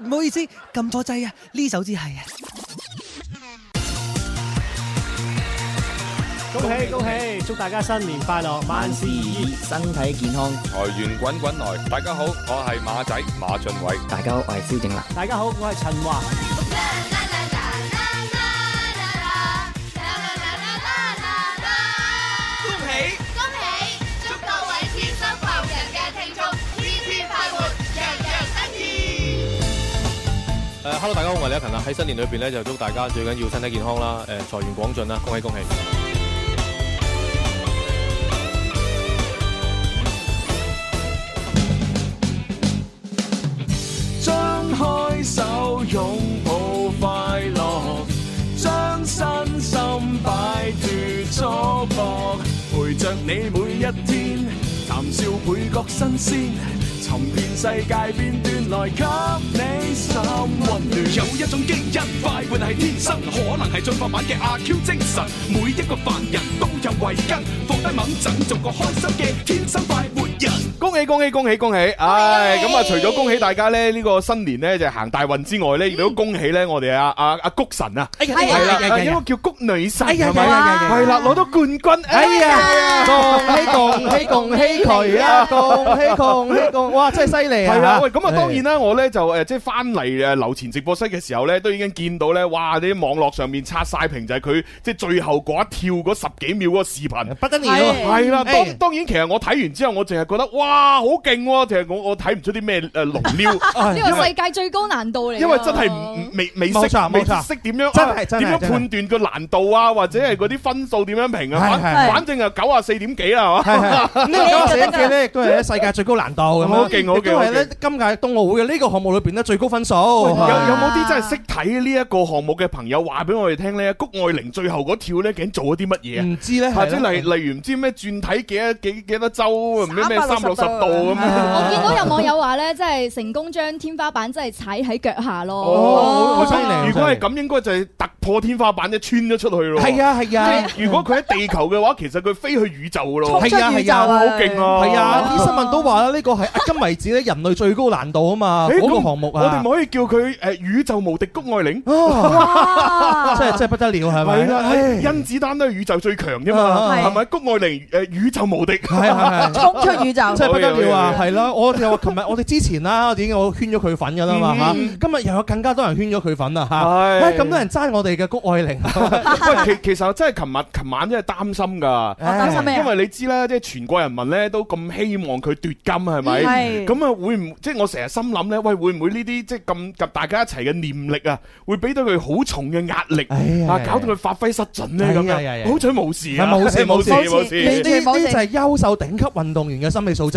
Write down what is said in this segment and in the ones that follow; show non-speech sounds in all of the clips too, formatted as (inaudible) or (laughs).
唔好意思，撳錯掣啊！呢首至係啊！恭喜恭喜，祝大家新年快樂，萬事如意，身體健康，財源滾滾來！大家好，我係馬仔馬俊偉。大家好，我係蕭正楠。大家好，我係陳華。Hello 大家好，我係李克勤啦。喺新年裏邊咧，就祝大家最緊要身體健康啦，誒、啊，財源廣進啦，恭喜恭喜！張開手，擁抱快樂，將身心擺脫束縛，陪着你每一天，談笑倍覺新鮮。沉遍世界片段來給你心溫暖。 (noise) 有一種基因快活係天生，可能係進化版嘅阿 Q 精神。每一個凡人都有慧根，放低猛枕做個開心嘅天生快活。恭喜恭喜恭喜恭喜！唉，咁啊，除咗恭喜大家咧，呢個新年咧就行大運之外咧，亦都恭喜咧我哋啊，阿阿谷神啊，係啦，因為叫谷女神，係啦，攞到冠軍，哎呀，恭喜恭喜恭喜佢啊，恭喜恭喜恭喜！哇，真係犀利啊！係啊，喂，咁啊，當然啦，我咧就誒，即係翻嚟誒，流前直播室嘅時候咧，都已經見到咧，哇，啲網絡上面刷晒屏就係佢即係最後嗰一跳嗰十幾秒嗰個視頻，不得了，係啦，當當然，其實我睇完之後，我淨係覺得哇！啊，好勁！其實我我睇唔出啲咩誒龍蹺，呢個世界最高難度嚟。因為真係未未識，未識點樣，真係點樣判斷個難度啊，或者係嗰啲分數點樣評啊？係係，反正啊九啊四點幾啦，係嘛？係係。呢個九啊四點幾咧都係喺世界最高難度，好勁好勁。亦都係咧，今屆冬奧會嘅呢個項目裏邊咧最高分數。有有冇啲真係識睇呢一個項目嘅朋友話俾我哋聽咧？谷愛玲最後嗰跳咧，竟然做咗啲乜嘢啊？唔知咧，係啦。即係例例如唔知咩轉體幾多幾幾多周，唔知咩三十六十度咁啊！我見到有網友話咧，即係成功將天花板真係踩喺腳下咯。哦，犀利。如果係咁，應該就係突破天花板，就穿咗出去咯。係啊，係啊。如果佢喺地球嘅話，其實佢飛去宇宙咯。衝出宇宙好勁啊！係啊，李生民都話啦，呢個係今為止咧人類最高難度啊嘛，嗰個項目啊。我哋唔可以叫佢誒宇宙無敵谷愛玲真係真係不得了係咪？係啊！甄子丹都係宇宙最強啫嘛，係咪？谷愛玲誒宇宙無敵，係係係。衝出宇宙！不緊要啊，係咯，我又琴日我哋之前啦，我已經我圈咗佢粉噶啦嘛，今日又有更加多人圈咗佢粉啦嚇，喂咁多人爭我哋嘅谷愛玲，喂其其實我真係琴日琴晚真係擔心㗎，擔心咩？因為你知啦，即係全國人民咧都咁希望佢奪金係咪？咁啊會唔即係我成日心諗咧？喂會唔會呢啲即係咁及大家一齊嘅念力啊，會俾到佢好重嘅壓力啊，搞到佢發揮失準咧咁嘅，好彩冇事冇事冇事冇事冇事，呢呢就係優秀頂級運動員嘅心理素質。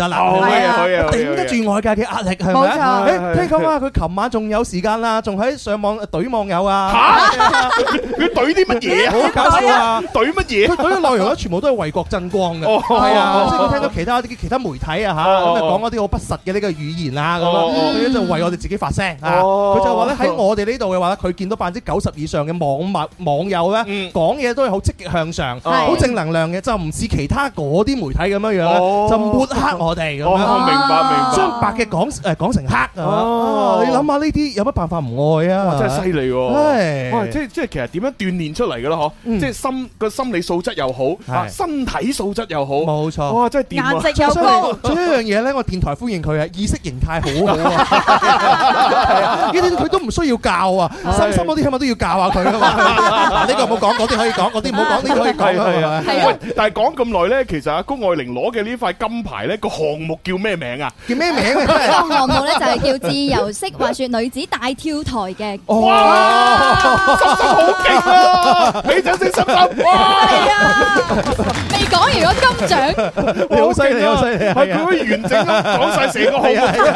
係啊，頂得住外界嘅壓力係咪？聽講啊，佢琴晚仲有時間啊，仲喺上網懟網友啊！嚇，佢懟啲乜嘢啊？好搞笑啊！懟乜嘢？佢懟嘅內容咧，全部都係為國爭光嘅。係啊，即係佢聽到其他啲其他媒體啊嚇咁啊，講嗰啲好不實嘅呢個語言啊咁樣，佢咧就為我哋自己發聲啊。佢就話咧喺我哋呢度嘅話咧，佢見到百分之九十以上嘅網友咧講嘢都係好積極向上、好正能量嘅，就唔似其他嗰啲媒體咁樣樣咧，就抹黑我。我哋明白，明白，將白嘅講誒講成黑啊！你諗下呢啲有乜辦法唔愛啊？真係犀利喎！喂，即係即係其實點樣鍛鍊出嚟嘅咯？嗬，即係心個心理素質又好，身體素質又好，冇錯。哇！真係電質又高。仲有一樣嘢咧，我電台歡迎佢啊！意識形態好好啊！呢啲佢都唔需要教啊！深深嗰啲起碼都要教下佢啊嘛！嗱，呢個唔好講，嗰啲可以講，嗰啲唔好講，呢啲可以講。係係啊！喂，但係講咁耐咧，其實阿谷愛玲攞嘅呢塊金牌咧個，項目叫咩名啊？叫咩名啊？個項目咧就係叫自由式滑雪女子大跳台嘅。哇！好勁啊！你真係識心心。係啊！未講完嗰金獎。你好犀利，好犀利！係佢好完整啊，講晒成個項目。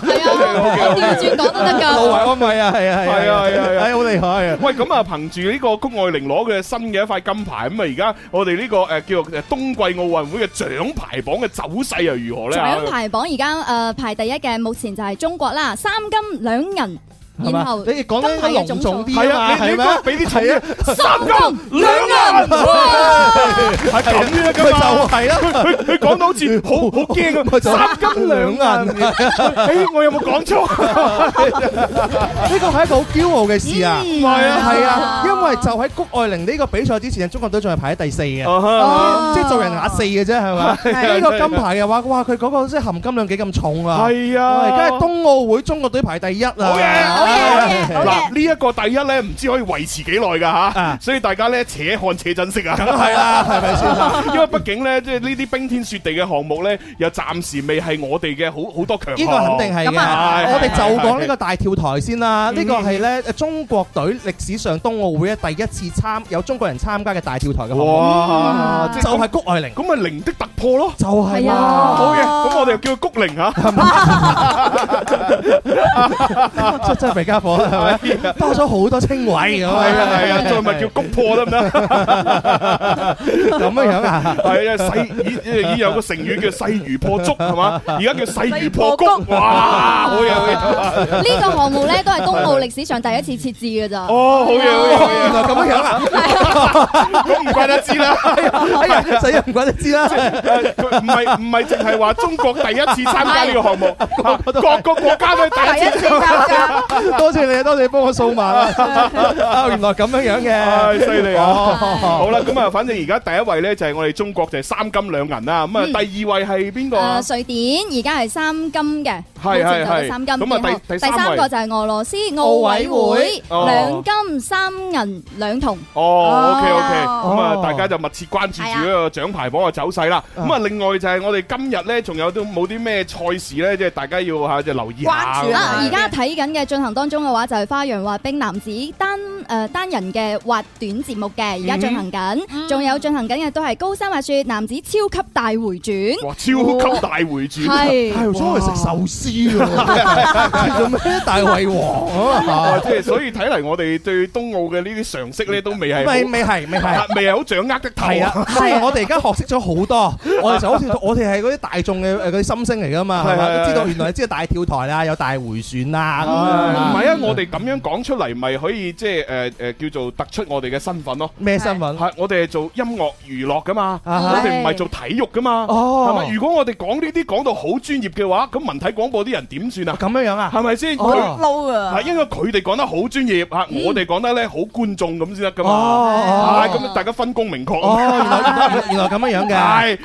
係啊，調轉講都得㗎。係啊，係啊，係啊，係啊，係啊，好厲害啊！喂，咁啊，憑住呢個谷愛凌攞嘅新嘅一塊金牌，咁啊，而家我哋呢個誒叫做誒冬季奧運會嘅獎牌榜嘅。走勢又如何咧？排名榜而家誒排第一嘅，目前就係中國啦，三金兩銀。然後你講得隆重啲啊，係咪？俾啲錢啊！三金兩銀，係咁嘅嘛，咁咪就係啦。佢佢講到好似好好驚啊！三金兩銀，誒，我有冇講錯？呢個係一個好驕傲嘅事啊！係啊，係啊，因為就喺谷愛玲呢個比賽之前，中國隊仲係排喺第四嘅，即係做人亞四嘅啫，係嘛？呢個金牌嘅話哇，佢嗰個即係含金量幾咁重啊！係啊，而家係冬奧會中國隊排第一啊！嗱，呢一個第一咧，唔知可以維持幾耐噶吓，所以大家咧且看且珍惜啊！梗係啦，係咪先？因為畢竟咧，即係呢啲冰天雪地嘅項目咧，又暫時未係我哋嘅好好多強項。呢個肯定係嘅。我哋就講呢個大跳台先啦。呢個係咧中國隊歷史上冬奧會咧第一次參有中國人參加嘅大跳台嘅項目。哇！就係谷愛凌，咁咪，零的突破咯，就係啊！好嘅，咁我哋又叫佢谷零吓。肥家伙，係咪多咗好多稱謂？係啊，係啊，再咪叫谷破得唔得？咁樣樣啊？係啊，細已已有個成語叫細如破竹，係嘛？而家叫細如破谷，哇！好嘢，好嘢。呢個項目咧都係冬奧歷史上第一次設置嘅咋？哦，好嘢，好嘢，好嘢。咁樣樣，唔怪得之啦，唔怪得之啦，唔係唔係淨係話中國第一次參加呢個項目，各個國家都第一次參加。 (laughs) 多謝你啊！多謝你幫我掃盲啊。 (laughs) (laughs) 啊！原來咁樣樣嘅，犀利、哎、啊！ (laughs) 好啦，咁啊，反正而家第一位咧就係我哋中國就係、是、三金兩銀啦。咁啊，第二位係邊個啊？瑞典，而家係三金嘅。係係係，咁啊第第三個就係俄羅斯奧委會兩金三銀兩銅。哦，OK OK，咁啊大家就密切關注住呢個獎牌榜嘅走勢啦。咁啊另外就係我哋今日咧仲有啲冇啲咩賽事咧，即係大家要吓即係留意下。關注啦，而家睇緊嘅進行當中嘅話就係花樣滑冰男子單誒單人嘅滑短節目嘅，而家進行緊，仲有進行緊嘅都係高山滑雪男子超級大回轉。哇，超級大回轉，係我想去食壽司。知嘅喎，做咩大胃王？哦，即係所以睇嚟，我哋對東奧嘅呢啲常識咧，都未係未未係未係未係好掌握得透啊！係啊，我哋而家學識咗好多，我哋就好似我哋係嗰啲大眾嘅誒嗰啲心聲嚟㗎嘛，係啊，都知道原來係知道大跳台啊，有大回旋啊，唔係啊！我哋咁樣講出嚟，咪可以即係誒誒叫做突出我哋嘅身份咯。咩身份？係我哋係做音樂娛樂㗎嘛，我哋唔係做體育㗎嘛，係嘛？如果我哋講呢啲講到好專業嘅話，咁文體廣播。嗰啲人點算啊？咁樣樣啊？係咪先？佢嬲啊！係因為佢哋講得好專業嚇，我哋講得咧好觀眾咁先得噶嘛。咁，大家分工明確。哦，原來原來咁樣樣嘅。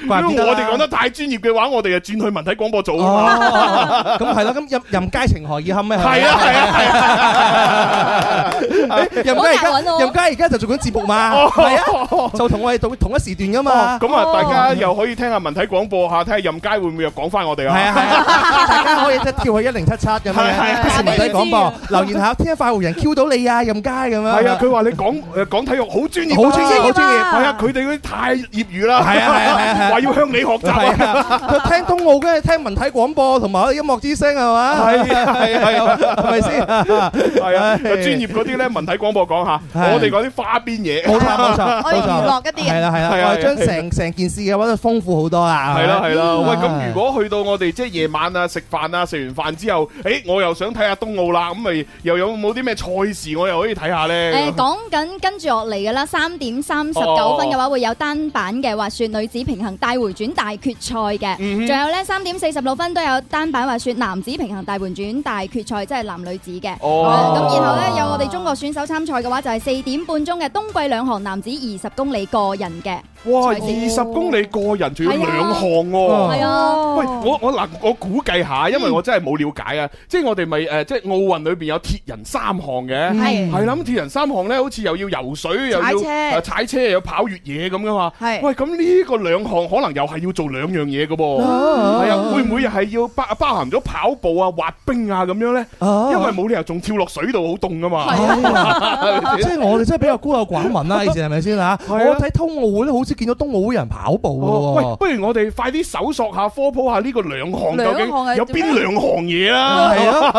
係，如果我哋講得太專業嘅話，我哋啊轉去文體廣播做。咁係咯，咁任任階情何以堪咩？係啊，係啊，係啊。任佳而家，任佳而家就做緊節目嘛？係啊，就同我哋同同一時段噶嘛。咁啊，大家又可以聽下文體廣播吓，睇下任佳會唔會又講翻我哋啊？係啊係，大家可以就跳去一零七七咁樣。係係，佢文體廣播留言下，聽下快活人 Q 到你啊，任佳咁樣。係啊，佢話你講誒講體育好專業，好專業，好專業。係啊，佢哋嗰啲太業餘啦。係啊係啊係啊，話要向你學習啊。聽通澳嘅聽文體廣播同埋音樂之聲係嘛？係啊係啊，係咪先？係啊，專業嗰啲咧文體。廣播講下，我哋講啲花邊嘢。冇錯冇錯，可以娛樂一啲。係啦係啦，我係將成成件事嘅話就豐富好多啦。係啦係啦，喂，咁如果去到我哋即係夜晚啊食飯啊，食完飯之後，誒，我又想睇下冬奧啦，咁咪又有冇啲咩賽事我又可以睇下咧？誒，講緊跟住落嚟噶啦，三點三十九分嘅話會有單板嘅滑雪女子平衡大回轉大決賽嘅，仲有咧三點四十六分都有單板滑雪男子平衡大回轉大決賽，即係男女子嘅。哦，咁然後咧有我哋中國選首參賽嘅話就係四點半鐘嘅冬季兩項男子二十公里個人嘅。哇，二十公里個人仲要兩項喎。係啊。喂，我我嗱，我估計下，因為我真係冇了解啊。即係我哋咪誒，即係奧運裏邊有鐵人三項嘅。係。係啦，咁鐵人三項咧，好似又要游水，又要踩車，又要跑越野咁噶嘛。係。喂，咁呢個兩項可能又係要做兩樣嘢噶噃。係啊。會唔會又係要包包含咗跑步啊、滑冰啊咁樣咧？因為冇理由仲跳落水度好凍噶嘛。係啊。即係我哋真係比較孤陋寡聞啦，以前係咪先吓？我睇冬奧會咧，好似見到冬奧會有人跑步嘅。喂，不如我哋快啲搜索下，科普下呢個兩項究竟有邊兩項嘢啦？係咯，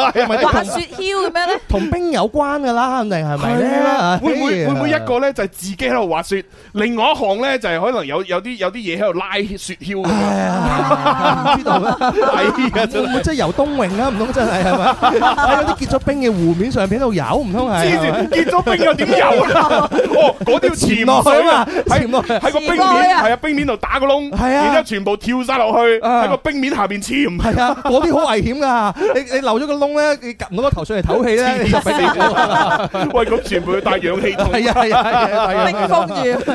滑雪橇嘅咩咧？同冰有關嘅啦，肯定係咪咧？會唔會會唔會一個咧就係自己喺度滑雪，另外一項咧就係可能有有啲有啲嘢喺度拉雪橇？係啊，唔知道，係噶，會唔會即係游冬泳啊？唔通真係係咪？喺嗰啲結咗冰嘅湖面上邊度游？唔通係？結咗冰又點游？啊？哦，嗰啲要潛水啊，潛落去喺個冰面，係啊，冰面度打個窿，係啊，然之後全部跳晒落去喺個冰面下面潛。係啊，嗰啲好危險㗎。你你留咗個窿咧，你夾唔到個頭上嚟唞氣咧，你實係地獄。喂，咁全部要帶氧氣筒。係啊係啊，帶氧氣筒。拎住。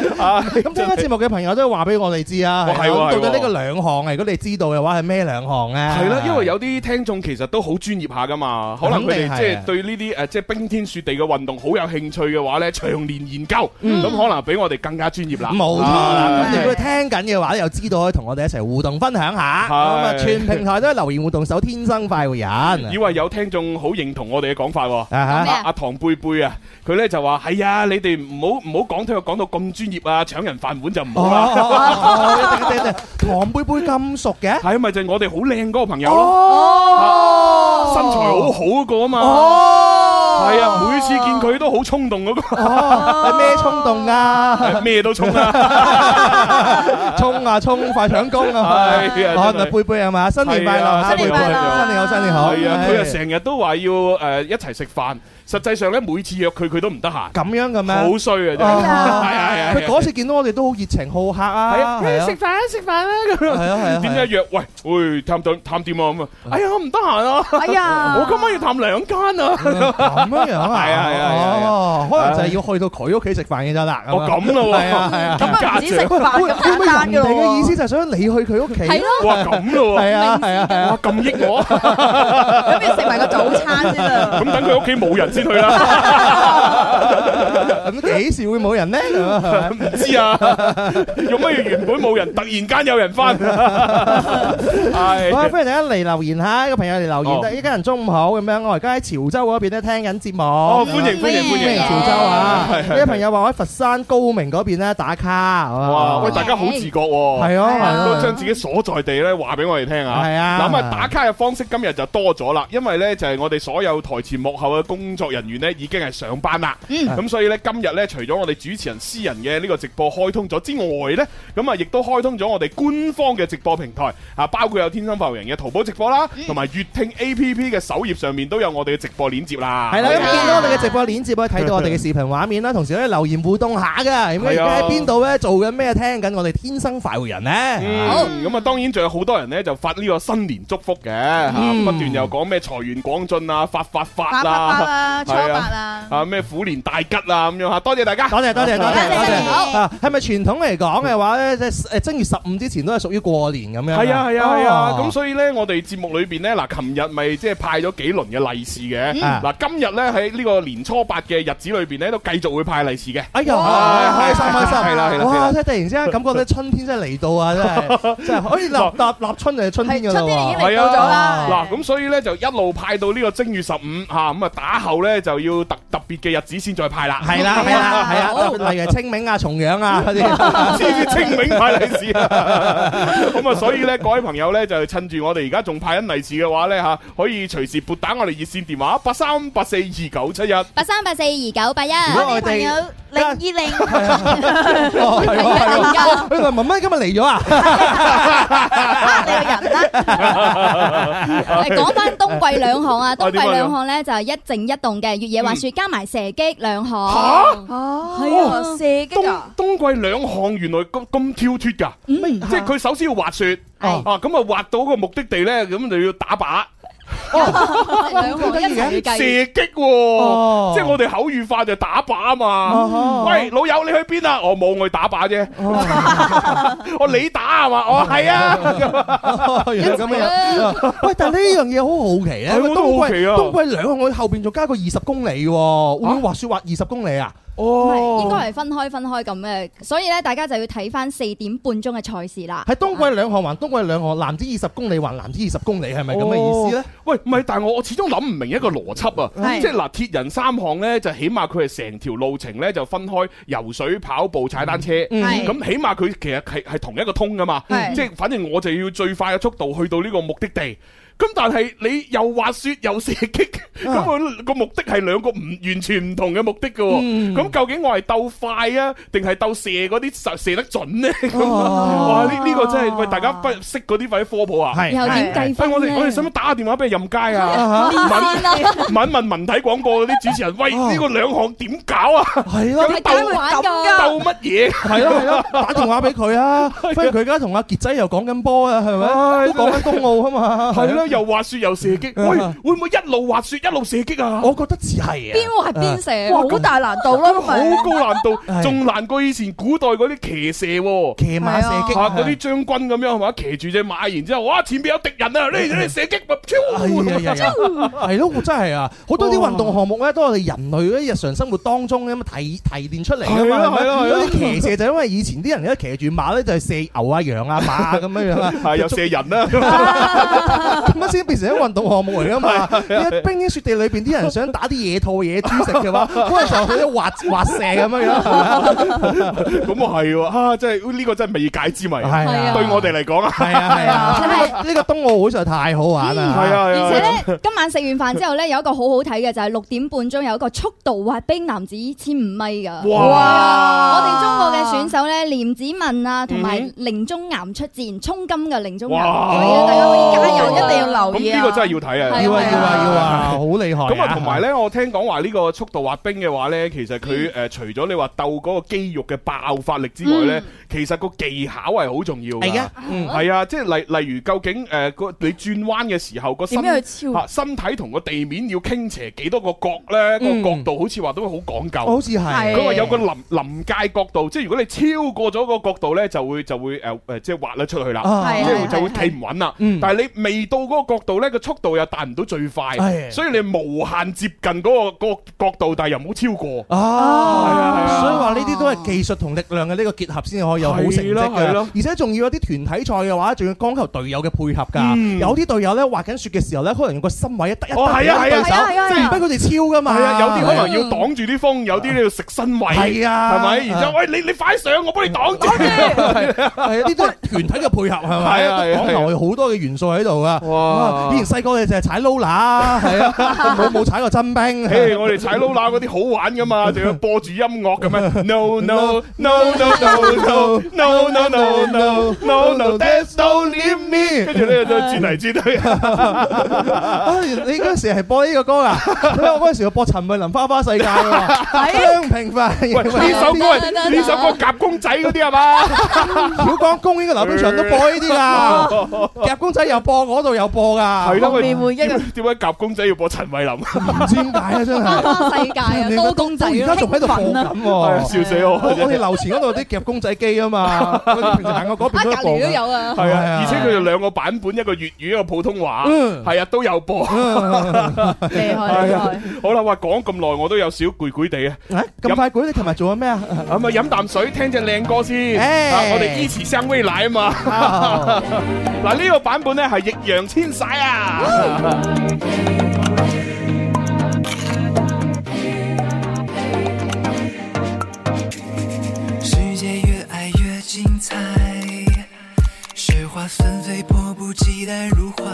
咁聽返節目嘅朋友都話俾我哋知啊。係喎，到咗呢個兩項啊，如果你知道嘅話係咩兩項咧？係啦，因為有啲聽眾其實都好專業下㗎嘛，可能佢哋即係對呢啲誒即係冰天雪地嘅運動。好有興趣嘅話咧，長年研究，咁可能比我哋更加專業啦。冇錯啦，咁如果聽緊嘅話，又知道可以同我哋一齊互動分享下。咁啊，全平台都係留言互動，手天生快活人。以為有聽眾好認同我哋嘅講法，阿阿唐貝貝啊，佢咧就話：係啊，你哋唔好唔好講，聽我講到咁專業啊，搶人飯碗就唔好啦。唐貝貝咁熟嘅，係咪就係我哋好靚嗰個朋友咯？身材好好嗰個啊嘛，哦，係啊，每次見。佢都好衝動嗰個哈哈哈哈、哦，咩衝動啊？咩都衝啊， (laughs) 衝啊！衝啊衝，快搶功啊！好、哎呀，啊、哦！貝貝係嘛？新年快樂嚇！新年快樂，新年好，新年好！係啊，佢啊成日都話要誒一齊食飯。實際上咧，每次約佢，佢都唔得閒。咁樣咁樣，好衰啊！真係，係係係。佢嗰次見到我哋都好熱情好客啊。係啊，食飯食飯啦咁樣。係啊。點解約？喂，喂，探店探店啊咁啊。哎呀，唔得閒啊。哎呀，我今晚要探兩間啊。咁啊？係啊係啊。可能就係要去到佢屋企食飯嘅咋啦？我咁咯喎。咁啊，只食飯咁簡單嘅咯。你嘅意思就係想你去佢屋企？係咯。哇！咁咯喎。係啊係啊。哇！咁益我。咁你食埋個早餐啫。啊。咁等佢屋企冇人退啦！咁幾時會冇人咧？唔知 up 啊！ (music) 知用乜嘢原本冇人，突然間有人翻。係， (laughs) (laughs) 歡迎大家嚟留言吓，呢個朋友嚟留言。一家人中午好咁樣，我而家喺潮州嗰邊咧聽緊節目。哦，歡迎歡迎 (music) 歡迎潮州 (music) 啊！係係，有朋友話我喺佛山高明嗰邊咧打卡。哇 Nicolas、yeah, 哎！喂，大家好自覺喎，係啊，都將自己所在地咧話俾我哋聽啊。係啊。咁、 (music) like、啊，打卡嘅方式今日就多咗啦，因為咧就係我哋所有台前幕後嘅工作。人員呢已經係上班啦，咁、嗯、所以呢，今日呢，除咗我哋主持人私人嘅呢個直播開通咗之外呢，咁啊亦都開通咗我哋官方嘅直播平台啊，包括有天生快活人嘅淘寶直播啦，同埋粵聽 A P P 嘅首頁上面都有我哋嘅直播鏈接啦。係啦、嗯，咁見到我哋嘅直播鏈接可以睇到我哋嘅視頻畫面啦，同時咧留言互動下㗎，咁喺邊度呢？做緊咩？聽緊我哋天生快活人呢？好、嗯，咁啊當然仲有好多人呢，就發呢個新年祝福嘅嚇、啊，不斷又講咩財源廣進啊，發發發啊。發發發初八啊，嚇咩虎年大吉啊咁樣嚇，多謝大家，多謝多謝多謝多謝。好，係咪傳統嚟講嘅話咧，即係誒正月十五之前都係屬於過年咁樣。係啊係啊係啊，咁所以咧，我哋節目裏邊咧嗱，琴日咪即係派咗幾輪嘅利是嘅。嗱，今日咧喺呢個年初八嘅日子裏邊咧，都繼續會派利是嘅。哎呀，開心開心，係啦係啦。哇！突然之間感覺到春天真係嚟到啊，真係真係。哎嗱，立立春就係春天㗎啦。係春天已經嚟到咗啦。嗱，咁所以咧就一路派到呢個正月十五吓，咁啊打後。咧就要特。特別嘅日子先再派啦，係啦係啊係啊，例如清明啊、重陽啊嗰啲，知唔知清明派利是？啊。咁啊，所以咧，各位朋友咧就趁住我哋而家仲派緊利是嘅話咧嚇，可以隨時撥打我哋熱線電話八三八四二九七一八三八四二九八一，朋友零二零，佢話媽媽今日嚟咗啊，嚇你個人啦，講翻冬季兩項啊，冬季兩項咧就係一靜一動嘅越野滑雪。加埋射擊兩項吓哦，射擊、啊、冬，冬季兩項原來咁咁挑剔噶，嗯、即係佢首先要滑雪哦，咁、嗯、啊滑到個目的地咧，咁就要打靶。射擊喎，即係我哋口語化就打靶啊嘛。喂，老友你去邊啊？我冇，我去打靶啫。我你打啊嘛？我係啊。喂，但係呢樣嘢好好奇啊！都好奇啊。冬季兩，我後邊仲加個二十公里，會唔會滑雪滑二十公里啊？哦，應該係分開分開咁嘅，所以咧大家就要睇翻四點半鐘嘅賽事啦。係冬季兩項還冬季兩項，男子二十公里還男子二十公里，係咪咁嘅意思呢？哦、喂，唔係，但係我我始終諗唔明一個邏輯啊，是即係嗱，鐵人三項呢，就起碼佢係成條路程呢，就分開游水、跑步、踩單車，咁、嗯、起碼佢其實係係同一個通噶嘛，是即係反正我就要最快嘅速度去到呢個目的地。咁但係你又滑雪又射擊，咁我個目的係兩個唔完全唔同嘅目的嘅，咁究竟我係鬥快啊，定係鬥射嗰啲射得準咧？哇！呢呢個真係喂，大家不識嗰啲位科普啊？係點計，我哋我哋使唔使打下電話俾任街啊？問問問文體廣播嗰啲主持人，喂，呢個兩項點搞啊？係咯，咁鬥玩，噶，鬥乜嘢？係咯係咯，打電話俾佢啊！不如佢而家同阿杰仔又講緊波啊？係咪？都講緊冬奧啊嘛？係咯。又滑雪又射擊，喂，會唔會一路滑雪一路射擊啊？我覺得只係啊，邊滑邊射，好大難度咯，咪好高難度，仲難過以前古代嗰啲騎射，騎馬射擊，嗰啲將軍咁樣係嘛，騎住隻馬，然之後，哇，前邊有敵人啊，你你射擊咪，超，係咯，真係啊，好多啲運動項目咧，都係人類喺日常生活當中咁樣提提煉出嚟嘅嘛，嗰啲騎射就因為以前啲人咧騎住馬咧就係射牛啊、羊啊、馬啊咁樣樣又射人啊。乜先變成啲運動項目嚟噶嘛？冰天雪地裏邊啲人想打啲野兔野豬食嘅話，可能仲要滑滑蛇咁樣樣。咁啊係喎，啊真係呢個真係未解之謎。係啊，對我哋嚟講啊，係啊係啊，呢個冬奧會實在太好玩啦。係啊，而且咧今晚食完飯之後呢，有一個好好睇嘅就係六點半鐘有一個速度滑冰男子千五米嘅。哇！我哋中國嘅選手咧，廉子文啊同埋寧忠岩出戰衝金嘅寧忠岩，所以大家可以加油一定。咁呢個真係要睇啊！要啊要啊要啊，好厲害！咁啊，同埋咧，我聽講話呢個速度滑冰嘅話咧，其實佢誒除咗你話鬥嗰個肌肉嘅爆發力之外咧，其實個技巧係好重要嘅。嗯，係啊，即係例例如究竟誒個你轉彎嘅時候個身嚇身體同個地面要傾斜幾多個角咧？個角度好似話都好講究，好似係佢話有個臨臨界角度，即係如果你超過咗個角度咧，就會就會誒誒即係滑得出去啦，即係就會企唔穩啦。但係你未到。嗰個角度咧，個速度又達唔到最快，所以你無限接近嗰個角度，但係又唔好超過。啊，所以話呢啲都係技術同力量嘅呢個結合先可以有好成績嘅，而且仲要有啲團體賽嘅話，仲要講求隊友嘅配合㗎。有啲隊友咧滑緊雪嘅時候咧，可能用個身位一得一，哦係啊係啊，即係唔俾佢哋超㗎嘛。係啊，有啲可能要擋住啲風，有啲你要食身位，係啊，係咪？然之後喂，你你快上，我幫你擋住。係啊，係啊，係啊，團體嘅配合。係啊，係啊，係啊，係啊，係啊，係啊，係啊，啊。以前細個你淨係踩 Lola。係啊，冇冇踩過真冰。嘿，我哋踩 Lola 嗰啲好玩噶嘛，仲要播住音樂咁樣。No no no no no no no no no no no，don't leave me。跟住咧就轉嚟轉去。你嗰時係播呢個歌啊？我嗰時播陳慧琳《花花世界》。非常平凡。呢首歌呢首歌夾公仔嗰啲係嘛？小港公園嘅溜冰場都播呢啲啦，夾公仔又播，嗰度又。播㗎，後面會一日點解夾公仔要播陳慧琳？唔知點解啊，真係花花世界啊，多公仔啊，而家仲喺度放緊，笑死我！我哋樓前嗰度啲夾公仔機啊嘛，我哋平時行過嗰邊都播，隔離都有啊。係啊，而且佢哋兩個版本，一個粵語，一個普通話，係啊，都有播。厲害厲害！好啦，話講咁耐，我都有少攰攰地啊。咁快攰？你琴日做緊咩啊？咁啊，飲啖水，聽隻靚歌先。我哋一起向未來啊嘛。嗱，呢個版本咧係易烊千。拼啥呀！啊、 (laughs) 世界越愛越精彩，雪花紛飛，迫不及待入懷。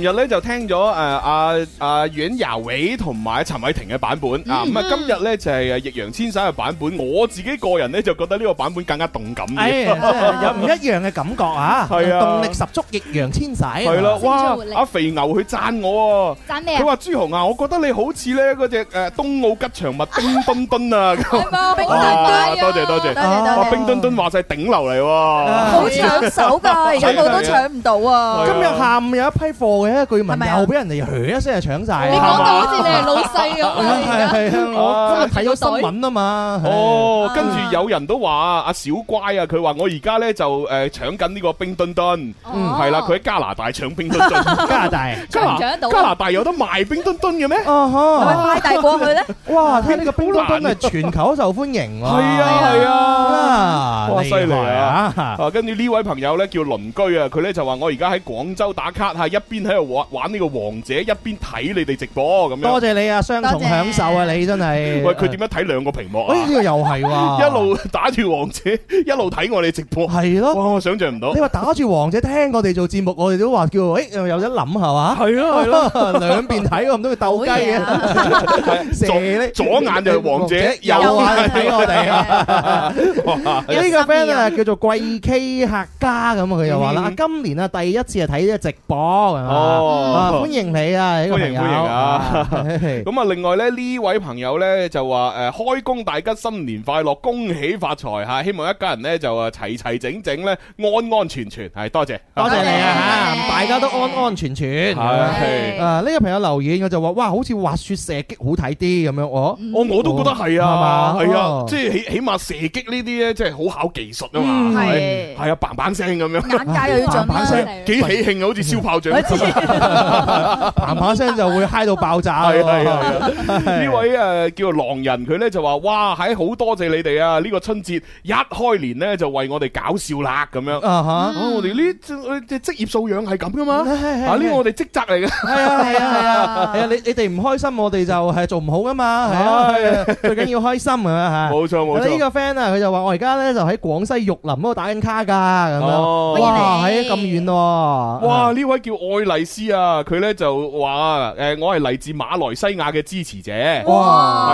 今日咧就聽咗誒阿阿阮游偉同埋陳偉霆嘅版本啊，咁啊今日咧就係誒《易烊千璽》嘅版本。我自己個人咧就覺得呢個版本更加動感，有唔一樣嘅感覺啊！係啊，動力十足，《易烊千璽》係咯，哇！阿肥牛佢讚我，讚你，佢話朱紅啊，我覺得你好似咧嗰隻誒冬奧吉祥物冰墩墩啊！冇冇冇，多謝多謝，話冰墩墩話曬頂流嚟喎，好搶手㗎，有冇都搶唔到啊！今日下午有一批貨嘅。一句文又俾人哋噏一聲就搶晒，你講到好似你係老細咁啊！我今日睇到新聞啊嘛，哦，跟住有人都話阿小乖啊，佢話我而家咧就誒搶緊呢個冰墩墩，嗯，係啦，佢喺加拿大搶冰墩墩，加拿大，加拿大有得賣冰墩墩嘅咩？哦，啊哈，快遞過去咧，哇！睇下呢個冰墩墩係全球受歡迎啊，係啊係啊，哇犀利啊！啊，跟住呢位朋友咧叫鄰居啊，佢咧就話我而家喺廣州打卡吓，一邊喺。玩呢個王者一邊睇你哋直播咁樣，多謝你啊，雙重享受啊，你真係。喂，佢點樣睇兩個屏幕啊？呢個又係喎，一路打住王者，一路睇我哋直播，係咯，哇，我想象唔到。你話打住王者聽我哋做節目，我哋都話叫誒，又有得諗，係嘛？係咯係咯，兩邊睇，我唔中意鬥雞嘅，左眼就係王者，右眼睇我哋。呢個 friend 啊叫做貴 K 客家，咁佢又話啦，今年啊第一次係睇呢個直播。哦，歡迎你啊！歡迎歡迎啊！咁啊，另外咧呢位朋友咧就話誒開工大吉，新年快樂，恭喜發財吓！希望一家人咧就啊齊齊整整咧安安全全，係多謝多謝你啊吓！大家都安安全全係啊。呢個朋友留言，我就話哇，好似滑雪射擊好睇啲，咁樣哦。我都覺得係啊，係嘛？係啊，即係起起碼射擊呢啲咧，即係好考技術啊嘛。係係啊，砰砰聲咁樣，眼界又要漲啦，幾喜慶啊，好似燒炮仗。啪啪聲就會 high 到爆炸，係啊係啊！呢位誒叫狼人，佢咧就話：哇，喺好多謝你哋啊！呢個春節一開年咧就為我哋搞笑啦咁樣。啊哈！我哋呢，我哋職業素養係咁噶嘛？啊呢，我哋職責嚟噶。係啊係啊係啊！你你哋唔開心，我哋就係做唔好噶嘛。係啊，最緊要開心啊吓。冇錯冇錯。我哋呢個 friend 啊，佢就話我而家咧就喺廣西玉林嗰度打緊卡噶咁樣。哇，喺咁遠喎！哇，呢位叫愛麗師啊，佢咧就話誒、欸，我係嚟自馬來西亞嘅支持者，係啊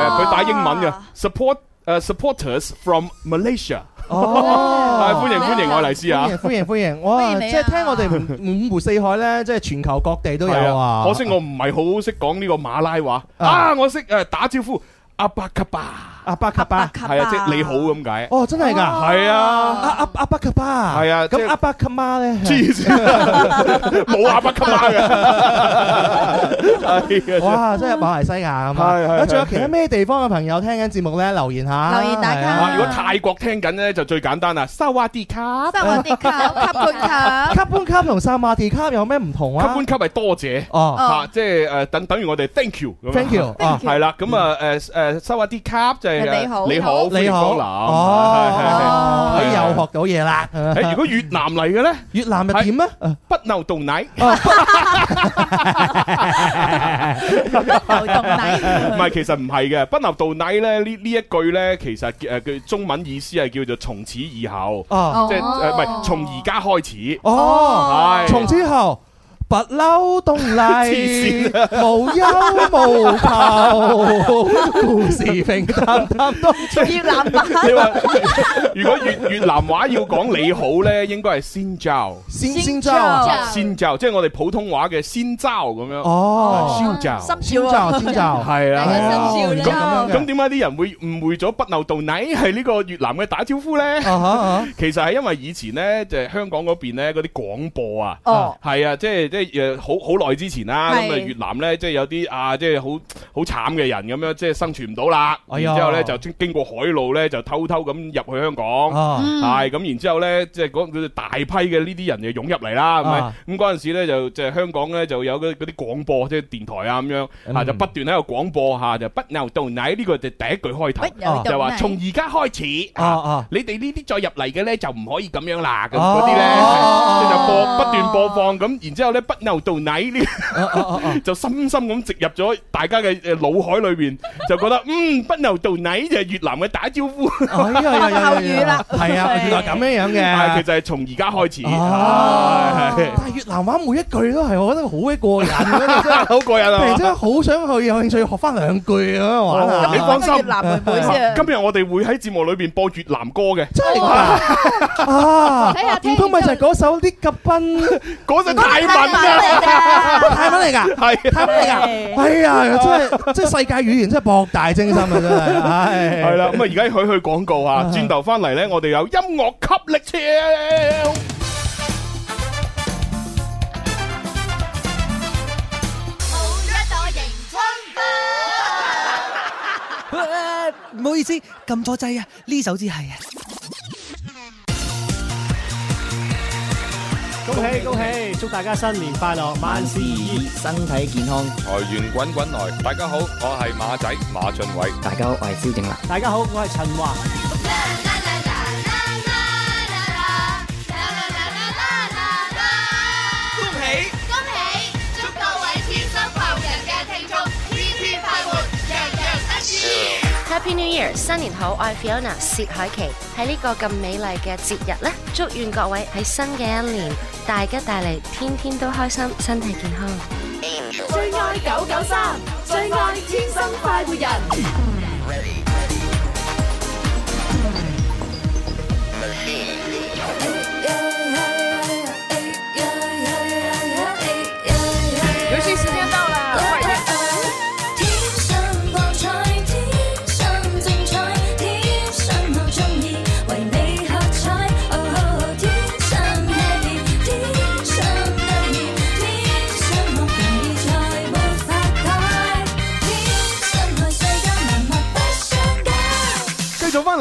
哇，佢打英文嘅、啊、support 誒、uh, supporters from Malaysia，係歡迎歡迎愛麗絲啊，歡迎歡迎，歡迎，歡迎，歡迎哇，迎即係聽我哋五湖四海咧， (laughs) 即係全球各地都有啊，可惜我唔係好識講呢個馬拉話啊，啊，啊，我識誒打招呼阿巴卡巴。阿爸卡巴，係啊，即你好咁解。哦，真係㗎。係啊，阿阿阿爸卡巴。係啊，咁阿爸卡媽咧？黐線啊！冇阿爸卡媽㗎。係啊！哇，真係馬來西亞咁啊！仲有其他咩地方嘅朋友聽緊節目咧？留言下。留言大家。如果泰國聽緊咧，就最簡單啦。沙瓦迪卡。沙瓦迪卡。級半級。級半級同沙瓦迪卡又有咩唔同啊？級半級係多謝。哦。嚇，即係誒等等於我哋 thank you 咁樣。thank you。啊，係啦，咁啊誒誒沙瓦迪卡就。你好，你好，你好，哦，你又學到嘢啦！誒，如果越南嚟嘅咧，越南係點咧？北漏洞奶，北漏洞奶。唔係，其實唔係嘅，北漏洞奶咧呢呢一句咧，其實誒佢中文意思係叫做從此以後，即係唔係從而家開始，哦，係從此後。不嬲動力，無憂無求。故事平淡淡。越南話，如果越越南話要講你好咧，應該係先招，先先招，先招，即係我哋普通話嘅先招咁樣。哦，招招，先招，係啊。咁咁點解啲人會誤會咗北漏洞奶係呢個越南嘅打招呼咧？其實係因為以前咧，就係香港嗰邊咧，嗰啲廣播啊，係啊，即係。即係誒好好耐之前啦，咁啊越南咧，即係有啲啊，即係好好慘嘅人咁樣，即係生存唔到啦。然之後咧就經經過海路咧，就偷偷咁入去香港，係咁。然之後咧，即係嗰佢大批嘅呢啲人就湧入嚟啦，係咁，咁嗰陣時咧就即係香港咧就有嗰嗰啲廣播即係電台啊咁樣，嚇就不斷喺度廣播嚇，就北漏洞奶呢個就第一句開頭，就話從而家開始，你哋呢啲再入嚟嘅咧就唔可以咁樣啦，咁嗰啲咧，即係播不斷播放咁，然之後咧。北漏洞奶呢？就深深咁植入咗大家嘅誒腦海裏邊，就覺得嗯北漏洞奶就係越南嘅打招呼。學口語啦，係啊，原來咁樣樣嘅，其實係從而家開始。哦，但係越南話每一句都係，我覺得好鬼過癮，好過癮啊！真係好想去，有興趣學翻兩句咁樣話啊！你放心，越南語會先。今日我哋會喺節目裏邊播越南歌嘅，真係啊！唔通咪就係嗰首《獵鴿賓》，嗰首《太文》。泰文嚟噶，係泰文嚟噶，哎呀，真係，即係世界語言真係博大精深啊，真係。係啦，咁啊，而家佢去廣告啊，轉頭翻嚟咧，我哋有音樂吸力唱，好一朵迎春花。唔好意思，撳錯掣啊，呢首之係啊。恭喜恭喜！祝大家新年快樂，萬事如意，身體健康，財源滾滾來！大家好，我係馬仔馬俊偉。大家好，我係蕭正楠。大家好，我係陳華。Happy New Year！新年好，我係 Fiona 薛凱琪。喺呢個咁美麗嘅節日呢，祝願各位喺新嘅一年，大吉大利，天天都開心，身體健康。最愛九九三，最愛天生快活人。Ready, Ready.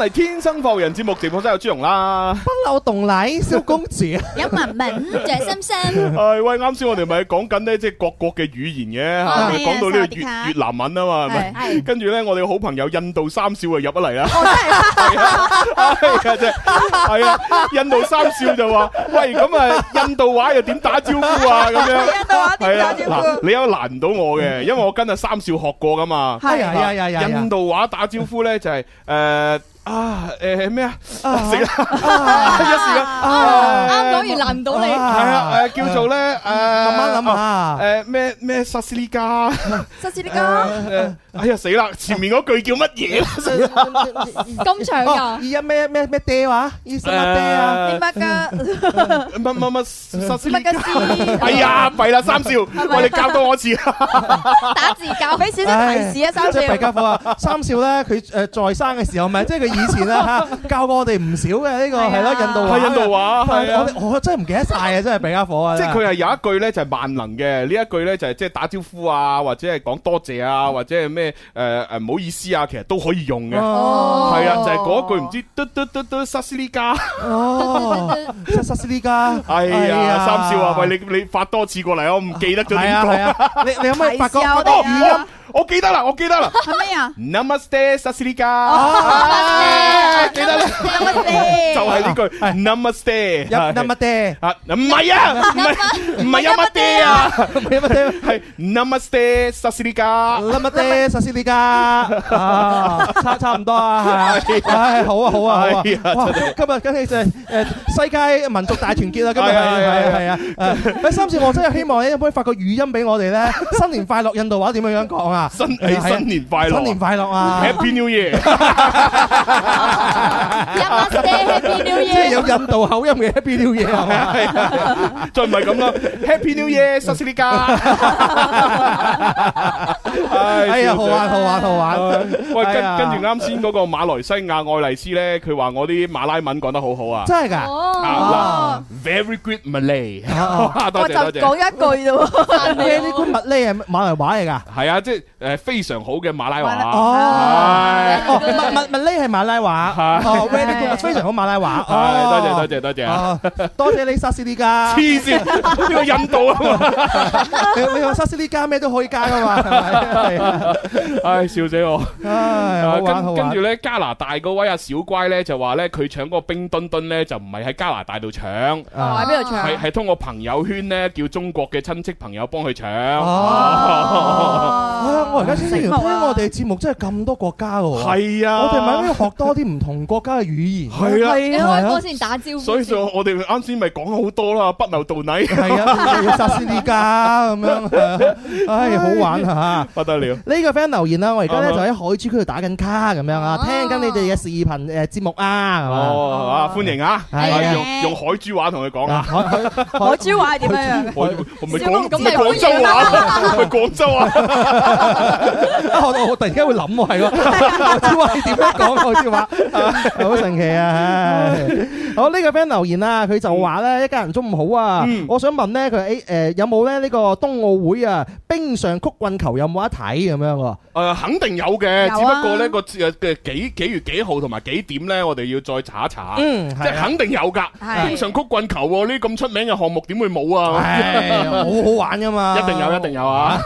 係天生放人節目，直播室有尊容啦。不老洞禮，蕭公子，有文文，謝心聲。係喂，啱先我哋咪講緊咧，即係各國嘅語言嘅吓，講到呢個越越南文啊嘛，係咪？係。跟住咧，我哋好朋友印度三少就入咗嚟啦。係啊，印度三少就話：喂，咁啊，印度話又點打招呼啊？咁樣。印度話點打招呼？係啊，嗱，你有難唔到我嘅，因為我跟阿三少學過噶嘛。係啊，係啊，係啊，印度話打招呼咧就係誒。啊誒咩？啊死啦，一啱講完難唔到你。係啊誒，叫做咧誒，慢慢諗啊誒咩咩，薩斯利加，薩斯利加。哎呀死啦，前面嗰句叫乜嘢咁長噶，依家咩咩咩爹，話依什麼爹啊乜嘅，乜乜乜薩斯利加。哎呀弊啦三少，我哋教多我一次打字，教俾少少提示啊三少。三少咧，佢誒在生嘅時候咪即係佢。以前啦嚇，教過我哋唔少嘅呢個係咯，印度話。印度話，係我我真係唔記得晒，啊！真係比較火啊！即係佢係有一句咧就係萬能嘅，呢一句咧就係即係打招呼啊，或者係講多謝啊，或者係咩誒誒唔好意思啊，其實都可以用嘅。哦，係啊，就係嗰一句唔知嘟嘟嘟嘟塞斯利加，哦，薩斯利加。哎呀，三少啊，喂，你你發多次過嚟，我唔記得咗呢個。你你可唔可以發個發個我記得啦，我記得啦，係咩啊？Namaste，Sarika，記得啦，就係呢句，Namaste，Namaste，啊，唔係啊，唔係，唔係，Namaste，係 Namaste 啊，Namaste，係 Namaste，Sarika，Namaste，Sarika，差差唔多啊，唉，好啊，好啊，今日今日誒世界民族大團結啊，今日係係係啊，誒，誒，三少，我真係希望咧，可以發個語音俾我哋咧，新年快樂，印度話點樣樣講啊？新喜新年快樂，新年快樂啊！Happy New Year，有冇？Happy New Year，即係有印度口音嘅 Happy New Year 啊！再唔係咁啦，Happy New Year，Susi 家，哎呀，好玩，好玩，好玩！喂，跟跟住啱先嗰個馬來西亞愛麗絲咧，佢話我啲馬拉文講得好好啊！真係㗎？啊，Very good Malay，我就講一句啫喎，你啲官 Malay 係馬來話嚟㗎？係啊，即係。誒，非常好嘅馬拉話哦，係，咪咪咪呢係馬拉話，係 very good 非常好馬拉話，係，多謝多謝多謝，多謝你莎士利加。黐線，邊個印度啊？嘛！你話莎士利加咩都可以加噶嘛，係咪？唉，笑死我，好，跟跟住咧加拿大嗰位阿小乖咧就話咧佢搶嗰個冰墩墩咧就唔係喺加拿大度搶，啊喺邊度搶？係係通過朋友圈咧叫中國嘅親戚朋友幫佢搶。我而家先啲人聽我哋節目，真係咁多國家嘅喎。係啊，我哋咪可以學多啲唔同國家嘅語言。係啊，開波先打招呼。所以就我哋啱先咪講咗好多啦，北漏洞奶。係啊，要薩先利家咁樣，唉，好玩嚇，不得了。呢個 friend 留言啦，我而家咧就喺海珠區度打緊卡咁樣啊，聽緊你哋嘅視頻誒節目啊。哦，歡迎啊，用用海珠話同佢講啊。海珠話係點樣？我唔係廣州話，唔係講廣州啊。 (laughs) 我突然間會諗係喎， (laughs) 我知話你點樣講嗰啲話，好、 (laughs) (laughs) 啊、神奇啊！啊好呢、這個 friend 留言啊，佢就話咧，一家人中午好啊！嗯、我想問咧，佢誒誒，有冇咧呢個冬奧會啊冰上曲棍球有冇得睇咁樣？誒、嗯，肯定有嘅，只不過呢個誒嘅幾幾月幾號同埋幾點咧，我哋要再查一查。嗯，啊、即係肯定有噶，冰、啊、上曲棍球呢咁出名嘅項目，點會冇啊？係、啊，好、哎、好玩噶嘛！一定有，一定有啊！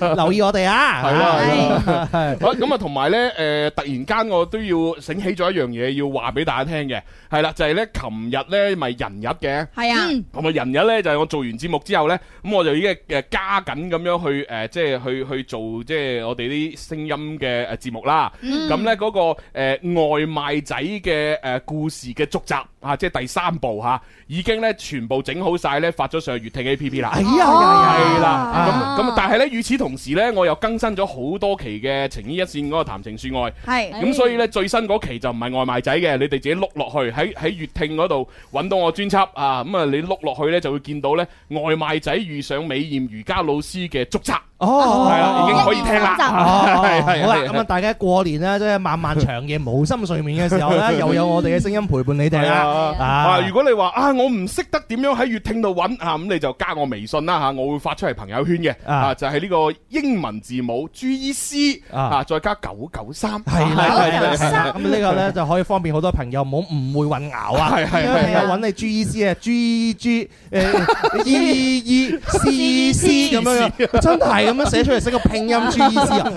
(laughs) (laughs) 留意我哋啊！係啊，係啊，係好咁啊！同埋咧，誒，突然間我都要醒起咗一樣嘢，要話俾大家聽嘅，係啦，就係咧，琴日咧咪人日嘅，係啊，咁啊人日咧就係我做完節目之後咧，咁我就已經誒加緊咁樣去誒，即係去去做即係我哋啲聲音嘅誒節目啦。咁咧個誒外賣仔嘅誒故事嘅續集啊，即係第三部吓，已經咧全部整好曬咧，發咗上粵聽 A P P 啦。哎呀，係啦，咁咁，但係咧與此同時咧，我又更新。翻咗好多期嘅情衣一線嗰個談情說愛，係咁是、嗯、所以咧最新嗰期就唔係外賣仔嘅，你哋自己碌落去喺喺粵聽嗰度揾到我專輯啊，咁、嗯、啊你碌落去咧就會見到咧外賣仔遇上美艷瑜伽老師嘅捉賊。哦，係啊，已經可以聽啦。係係好啦，咁啊，大家過年咧，即係漫漫長夜冇心睡眠嘅時候咧，又有我哋嘅聲音陪伴你哋啦。啊，如果你話啊，我唔識得點樣喺粵聽度搵啊，咁你就加我微信啦吓，我會發出嚟朋友圈嘅。啊，就係呢個英文字母 G E C 啊，再加九九三係啦，咁呢個咧就可以方便好多朋友，唔好誤會混淆啊。係係係，啊，搵你 G E C 啊，G G 誒 E E C C 咁樣樣，真係。咁樣寫出嚟寫個拼音豬醫師啊！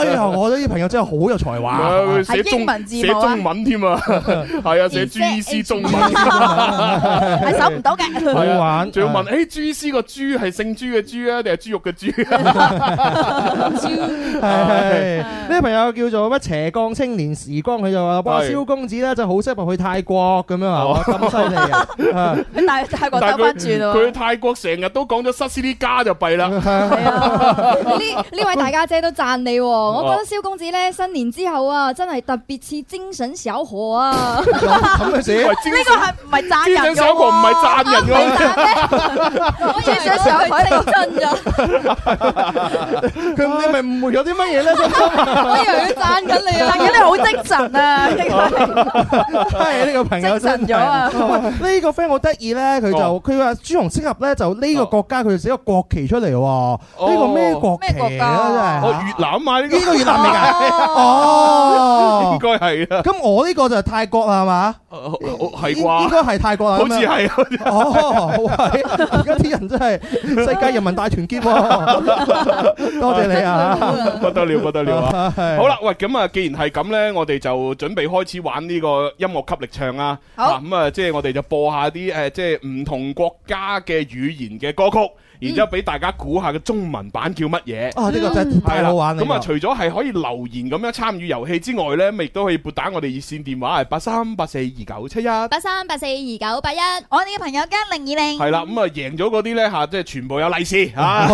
哎呀，我覺得啲朋友真係好有才華，係英文字母，寫中文添啊，係 (laughs) (laughs) 啊，寫豬醫師中文係搜唔到嘅，好玩仲要問誒、欸、豬醫師個豬係姓豬嘅豬啊，定係豬肉嘅豬，啊？係呢個朋友叫做乜斜槓青年時光，佢就話，蕭公子咧就好適合去泰國咁樣，哦、 (laughs) 啊，咁犀利！去泰泰國走翻轉喎，佢去泰國成日都講咗斯斯啲家就就弊啦。呢呢、啊、位大家姐都讚你，我覺得蕭公子咧新年之後啊，真係特別似精神小河啊！咁嘅呢個係唔係贊人嘅？精神小河唔係贊人㗎。我以為小佢哋進咗，佢你咪誤會咗啲乜嘢咧？我以為佢贊緊你啊！但係佢哋好精神啊！係呢、 (laughs) 哎呢個朋友精神咗啊！呢、呢個 friend 好得意咧，佢就佢話朱紅適合咧，哦、就呢個國家佢寫個國旗出嚟喎。呢、哦、個。咩國咩國家真係，哦，越南啊，呢個越南名啊？哦，應該係啊。咁我呢個就係泰國啊，係嘛？係啩，應該係泰國啊，好似係。哦，哇，而家啲人真係世界人民大團結，多謝你啊，不得了不得了啊！好啦，喂，咁啊，既然係咁咧，我哋就準備開始玩呢個音樂吸力唱啊。嗱，咁啊，即係我哋就播下啲誒，即係唔同國家嘅語言嘅歌曲，然之後俾大家估下嘅中文版。叫乜嘢？哦，呢個真係太好玩啦！咁啊，除咗係可以留言咁樣參與遊戲之外咧，咪亦都可以撥打我哋熱線電話係八三八四二九七一、八三八四二九八一。我哋嘅朋友間零二零。係啦，咁啊，贏咗嗰啲咧吓，即係全部有利是！啊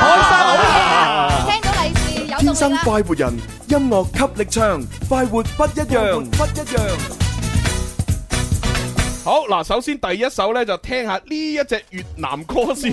開心，好嘢！聽到利是，有。天生快活人，音樂給力唱，快活不一樣，不一樣。好嗱，首先第一首咧，就聽下呢一隻越南歌先。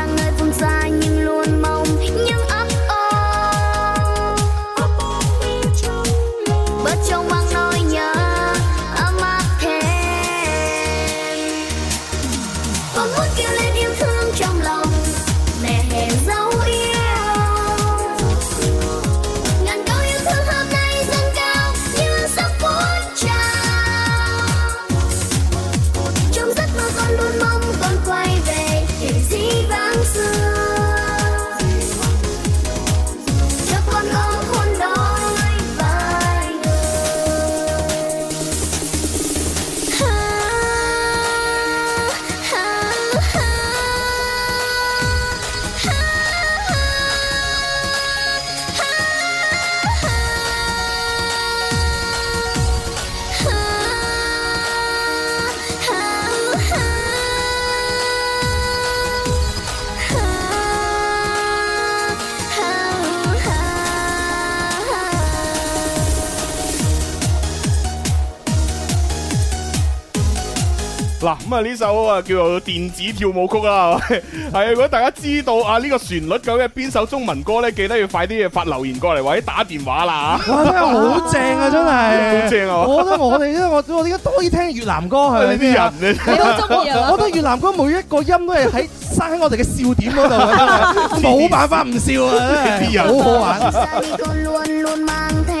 嗱咁啊！呢首啊叫做電子跳舞曲啊，係 (laughs) 咪？係如果大家知道啊呢、呢個旋律究竟係邊首中文歌咧，記得要快啲發留言過嚟，或者打電話啦嚇。哇！真係好正啊，真係好正啊！我覺得我哋都 (laughs) 我我依家多啲聽越南歌係。 (laughs) 呢啲人咧，你中意啊！我覺得越南歌每一個音都係喺生喺我哋嘅笑點嗰度，冇 (laughs) 辦法唔笑啊！好 (laughs) 好玩。 (laughs)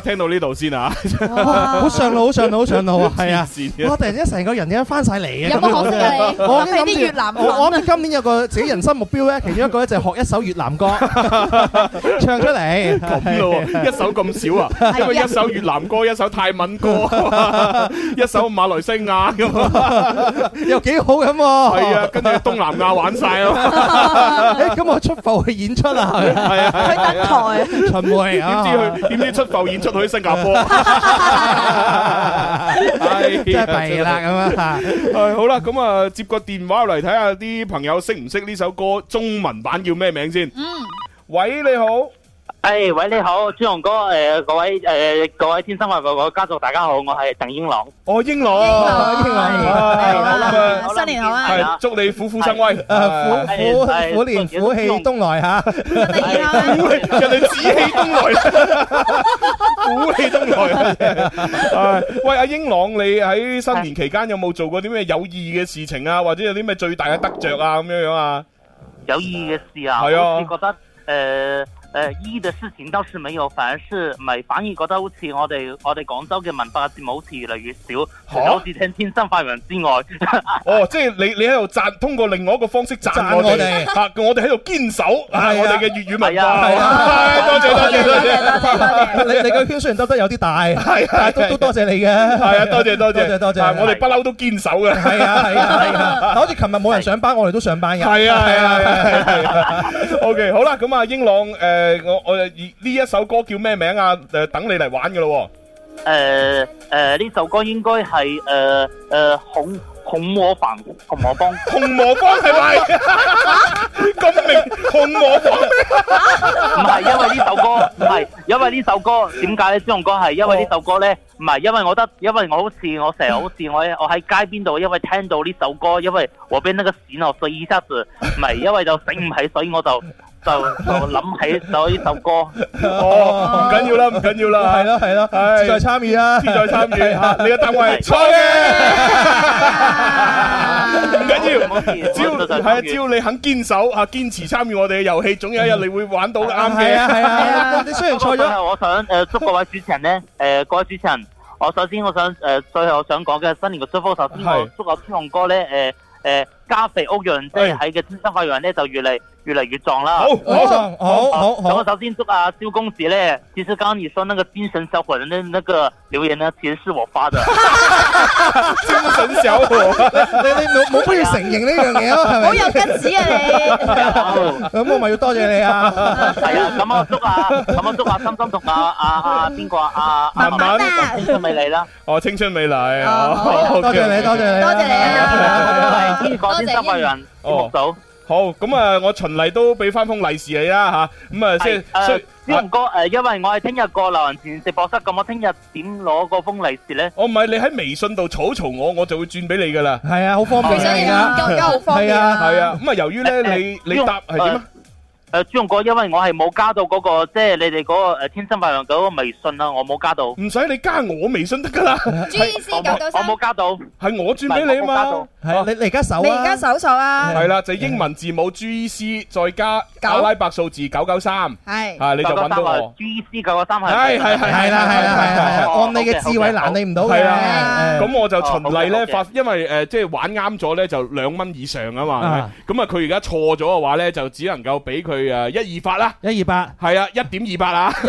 聽到呢度先啊！好上路，好上路，好上路啊！係啊，我突然之間成個人已經翻晒嚟嘅。有冇好嘅你？我諗起啲越南，我哋今年有個自己人生目標咧，其中一個咧就係學一首越南歌，唱出嚟。咁咯，一首咁少啊？因為一首越南歌，一首泰文歌、一首馬來西亞咁，又幾好咁喎。係啊，跟住東南亞玩晒啊嘛。咁我出埠去演出啊？係啊，去登台巡迴。點知去？點知出埠演出？去新加坡，真係啦咁啊！係好啦，咁啊，接個電話嚟睇下啲朋友識唔識呢首歌中文版叫咩名先？嗯，喂，你好。誒，喂，你好，朱雄哥，誒，各位，誒，各位天生發個家族，大家好，我係鄧英朗，我英朗，英朗，英朗，好啦，新年好啊，係祝你虎虎生威，誒，虎虎虎年虎氣東來吓，新年好啊，人哋紫氣東來，虎氣東來啊！喂，阿英朗，你喺新年期間有冇做過啲咩有意義嘅事情啊？或者有啲咩最大嘅得着啊？咁樣樣啊？有意義嘅事啊，係啊，覺得誒。誒，醫的事情倒是沒有，反而是咪反而覺得好似我哋我哋廣州嘅文化節目好似越嚟越少，除咗好似聽《天生快人》之外，哦，即係你你喺度賺，通過另外一個方式賺我哋吓，我哋喺度堅守我哋嘅粵語文化，係多謝多謝多謝，你哋個圈雖然兜得有啲大，係，但都多謝你嘅，係啊，多謝多謝多謝多謝，我哋不嬲都堅守嘅，係啊係啊，好似琴日冇人上班，我哋都上班嘅，係啊係啊係啊，OK 好啦，咁啊英朗誒。誒，我我呢一首歌叫咩名啊？誒、呃，等你嚟玩嘅咯。誒誒，呢首歌應該係誒誒，紅、呃、 (laughs) 紅魔棒紅魔棒，紅魔棒係咪？咁明紅魔棒？唔係，因為呢首歌，唔係，因為呢首歌，點解咧？朱 (laughs) 紅哥係因為呢首歌咧，唔係，因為我覺得，因為我好似我成日好似 (laughs) 我我喺街邊度，因為聽到呢首歌，因為我邊那個閃哦，所以一下子唔係，因為就醒唔起，所以我就。就就諗起咗呢首歌哦，唔緊要啦，唔緊要啦，係咯係咯，志在參與啊，志在參與啊，你嘅定位錯嘅，唔緊要，只要係啊，只要你肯堅守啊，堅持參與我哋嘅遊戲，總有一日你會玩到啱嘅，係啊，你雖然錯咗，我想誒，祝各位主持人咧，誒，各位主持人，我首先我想誒，最後想講嘅新年嘅祝福首先我祝我聽我歌咧，誒誒。加肥歐陽即係喺嘅資深合夥人咧，就越嚟越嚟越壯啦。好，好，啊、好，好，好。咁我、啊啊、首先祝阿、啊、蕭公子咧，其實剛剛你說呢個精神小伙的那那個留言呢，其實是我發的。 (laughs) (laughs) 精神小伙 (laughs) 你你冇必要承認呢樣嘢啊？係咪？ (laughs) 好有吉子啊你。咁我咪要多謝你啊！係啊，咁我祝啊！咁我 (laughs) 祝阿心心同阿阿阿邊個阿阿阿，敏啊，青春美麗啦！哦，青春美麗哦！多謝你，多謝你，多謝你啊！啊啊啊啊啊啊千十萬人接獲到，好咁啊！我循例都俾翻封利是你啦，吓咁啊！即係，小紅哥，誒，因為我係聽日過劉仁全直播室，咁我聽日點攞個封利是咧？我唔係你喺微信度草叢我，我就會轉俾你噶啦。係啊，好方便啊，而家好方便啊，係啊。咁啊，由於咧，你你答係點啊？誒，朱紅哥，因為我係冇加到嗰個，即係你哋嗰個誒，天生飯量嗰個微信啊，我冇加到。唔使你加我微信得噶啦，朱醫師加到，我冇加到，係我轉俾你啊嘛。係你你而家搜啊，你而家搜索啊，係啦，就英文字母 J C 再加。加拉伯數字九九三係，係你就揾到我。b C 九九三係，係係係啦係啦係啦，按你嘅智慧難你唔到嘅。咁我就循例咧發，因為誒即係玩啱咗咧就兩蚊以上啊嘛。咁啊佢而家錯咗嘅話咧就只能夠俾佢誒一二八啦，一二八係啊，一點二八啊，一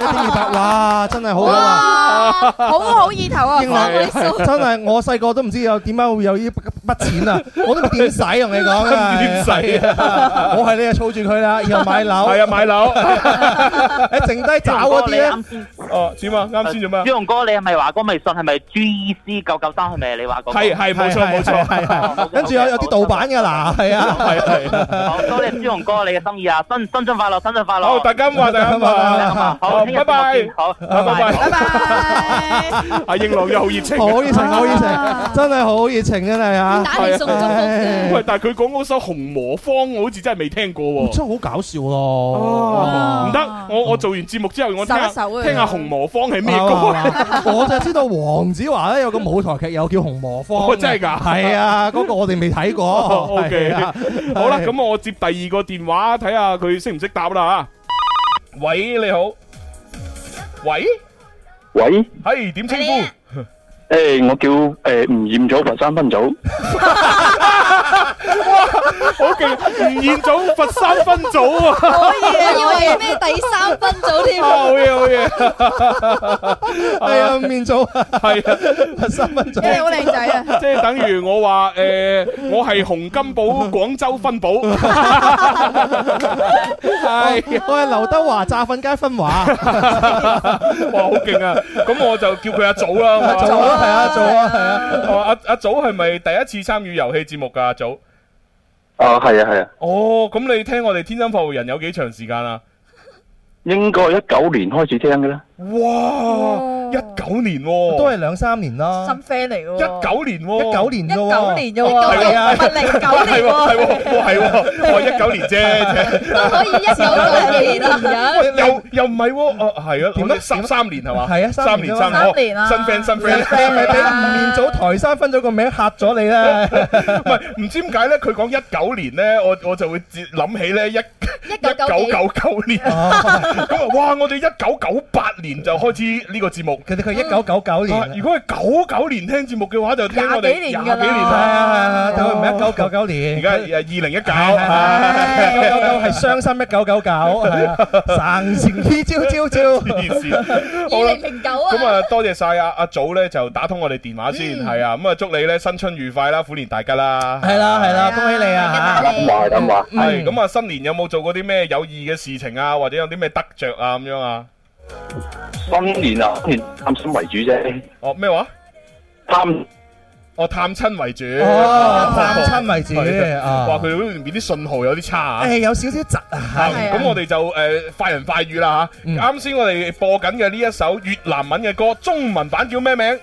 點二八哇真係好啊，好好意頭啊，真係我細個都唔知有點解會有呢筆錢啊，我都唔點使同你講點使啊，你又儲住佢啦，以後買樓係啊，買，買樓。 (laughs) (laughs) 你剩低找嗰啲咧。哦，點啊？啱先做咩？朱雄哥，你係咪話個微信係咪 G C 九九三？係咪你話講？係係冇錯冇錯，係係。跟住有有啲盜版噶啦，係啊係啊係。好，多謝朱雄哥你嘅心意啊！新新春快樂，新春快樂。好，大家好，大家好，大家好。好，拜拜。好，拜拜。拜拜。阿應龍又好熱情，好熱情，好熱情，真係好熱情啊你啊！打嚟送咗紅包。喂，但係佢講嗰首《紅磨坊》，我好似真係未聽過。真係好搞笑咯！唔得，我我做完節目之後，我聽聽下紅。紅魔方係咩歌啊？我就知道黃子華咧有個舞台劇，又叫《紅魔方》。真係噶？係啊，嗰個我哋未睇過。OK，好啦，咁我接第二個電話，睇下佢識唔識答啦吓。喂，你好。喂喂，係點稱呼？誒，我叫誒吳彥祖佛山分組。哇，好勁！吳彥祖佛山分組啊，可以，我以為咩第三分組添。啊，好嘢，好嘢。係啊，吳彥祖係啊，佛山分組。你哋好靚仔啊！即係等於我話誒，我係洪金寶廣州分寶，係我係劉德華炸粉街分華。哇，好勁啊！咁我就叫佢阿祖啦。阿祖啦，係啊，祖啊，係啊。阿阿祖係咪第一次參與遊戲節目噶？阿祖？哦、啊，係啊，係啊。哦，咁你聽我哋天生復活人有幾長時間啊？應該一九年開始聽嘅啦。哇！哇一九年喎，都係兩三年啦。新飛嚟喎。一九年喎，一九年。一九年啫喎。係啊，一零九年喎。係喎，係喎，我係一九年啫啫。都可以一九年咁樣。又又唔係喎，哦係啊，點解十三年係嘛？係啊，三年三。三年啦。新飛新飛。飛咪俾吳彥祖台山分咗個名嚇咗你啦。唔係，唔知點解咧？佢講一九年咧，我我就會諗起咧一一九九九年。咁啊，哇！我哋一九九八年就開始呢個節目。佢哋佢一九九九年。如果係九九年聽節目嘅話，就廿幾年噶。廿幾年，係係係，佢唔係，一九九九年。而家係二零一九，係係係，九九係傷心一九九九，晨晨朝朝朝。好啦，二零零九啊。咁啊，多謝晒阿阿祖咧，就打通我哋電話先，係啊。咁啊，祝你咧新春愉快啦，虎年大吉啦。係啦係啦，恭喜你啊吓。唔埋咁話，係咁啊，新年有冇做過啲咩有意義嘅事情啊？或者有啲咩得着啊？咁樣啊？新年啊，探親為主啫。哦，咩話？探，哦探親為主。探親為主。哇，佢嗰邊啲信號有啲差啊。誒，有少少窒啊。咁我哋就誒快人快語啦吓。啱先我哋播緊嘅呢一首越南文嘅歌，中文版叫咩名？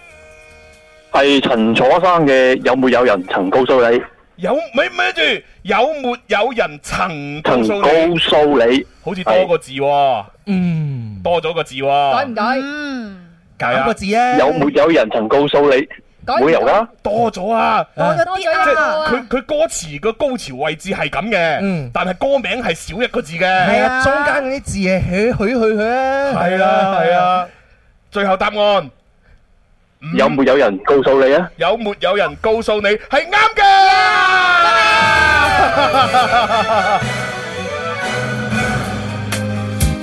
係陳楚生嘅《有沒有人曾告訴你》？有咩咪住？有沒有人曾曾告訴你？好似多個字。嗯。多咗個字喎，改唔改？計啊個字咧。有沒有人曾告訴你？導遊啦，多咗啊，多咗啊。即係佢佢歌詞個高潮位置係咁嘅，但係歌名係少一個字嘅。係啊，中間嗰啲字係許許許許啦。係啊係啊，最後答案有沒有人告訴你啊？有沒有人告訴你係啱嘅？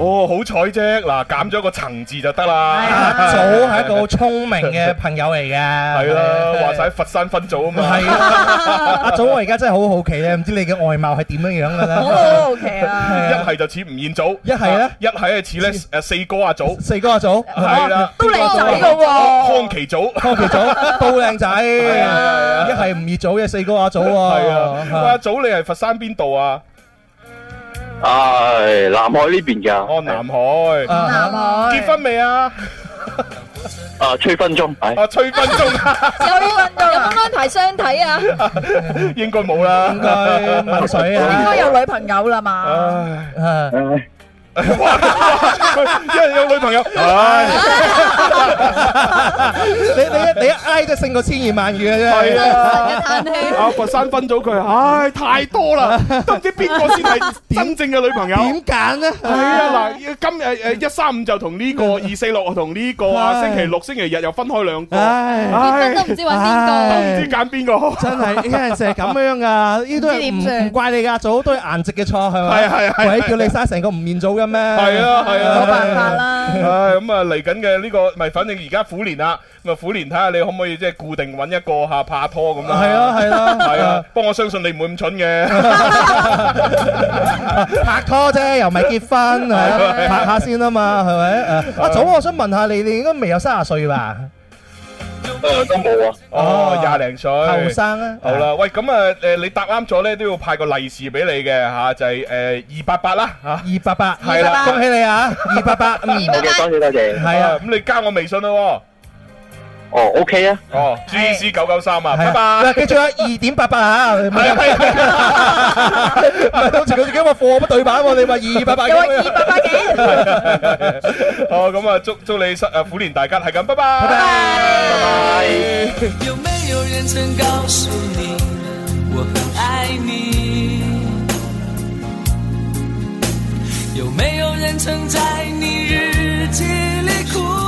哦，好彩啫！嗱，減咗個層字就得啦。阿祖係一個好聰明嘅朋友嚟嘅。係啦，話晒佛山分組啊嘛。阿祖，我而家真係好好奇咧，唔知你嘅外貌係點樣樣嘅咧？好好奇啊！一係就似吳彥祖，一係咧，一係係似咧誒四哥阿祖，四哥阿祖係啦，都靚仔嘅喎。康祈祖，康祈祖都靚仔。一係吳彥祖嘅四哥阿祖啊。係啊，阿祖你係佛山邊度啊？係南海呢邊噶，哦，南海，南海結婚未啊？啊，吹分鐘，哎，啊，吹分鐘，有冇運動，有冇安排相睇啊？應該冇啦，應該飲水啊，應該有女朋友啦嘛。哇！即係有女朋友，你你一你一挨都勝過千言萬語嘅啫。係啊，阿佛山分咗佢，唉，太多啦，都唔知邊個先係真正嘅女朋友。點揀呢？係啊，嗱，今日誒一三五就同呢個，二四六啊同呢個啊，星期六星期日又分開兩個，唉，都唔知揾邊個，都唔知揀邊個，真係成日咁樣噶，呢啲唔唔怪你噶，做好多係顏值嘅錯，係嘛？係係係，鬼叫你生成個唔面組嘅。係啊係啊，冇辦法啦。啊，咁啊嚟緊嘅呢個咪，反正而家苦年啦，咁啊虎年睇下你可唔可以即係固定揾一個吓、啊、拍拖咁咯。係啊，係啊，係啊，不 (laughs) 過我相信你唔會咁蠢嘅、 (laughs) 啊。拍拖啫，又唔係結婚，係拍下先啊嘛，係咪？阿、啊啊的啊、祖，我想問下你，你應該未有三啊歲吧？都冇啊！哦，廿零歲，後生啊！好啦，喂，咁啊，誒，你答啱咗咧，都要派個利是俾你嘅吓，就係誒二八八啦吓，二八八係啦，恭喜你啊，二八八，嗯，好嘅，多謝多謝，係啊，咁你加我微信咯。哦、oh，OK 啊，哦，GC 九九三啊。拜拜，記住啊，二點八八啊，係，係，係，唔係當時佢自己話貨不對板喎，你話二八八，佢話二八八幾，好，咁啊，祝祝你失誒虎年大吉，係、like、咁，拜拜，拜拜，拜拜。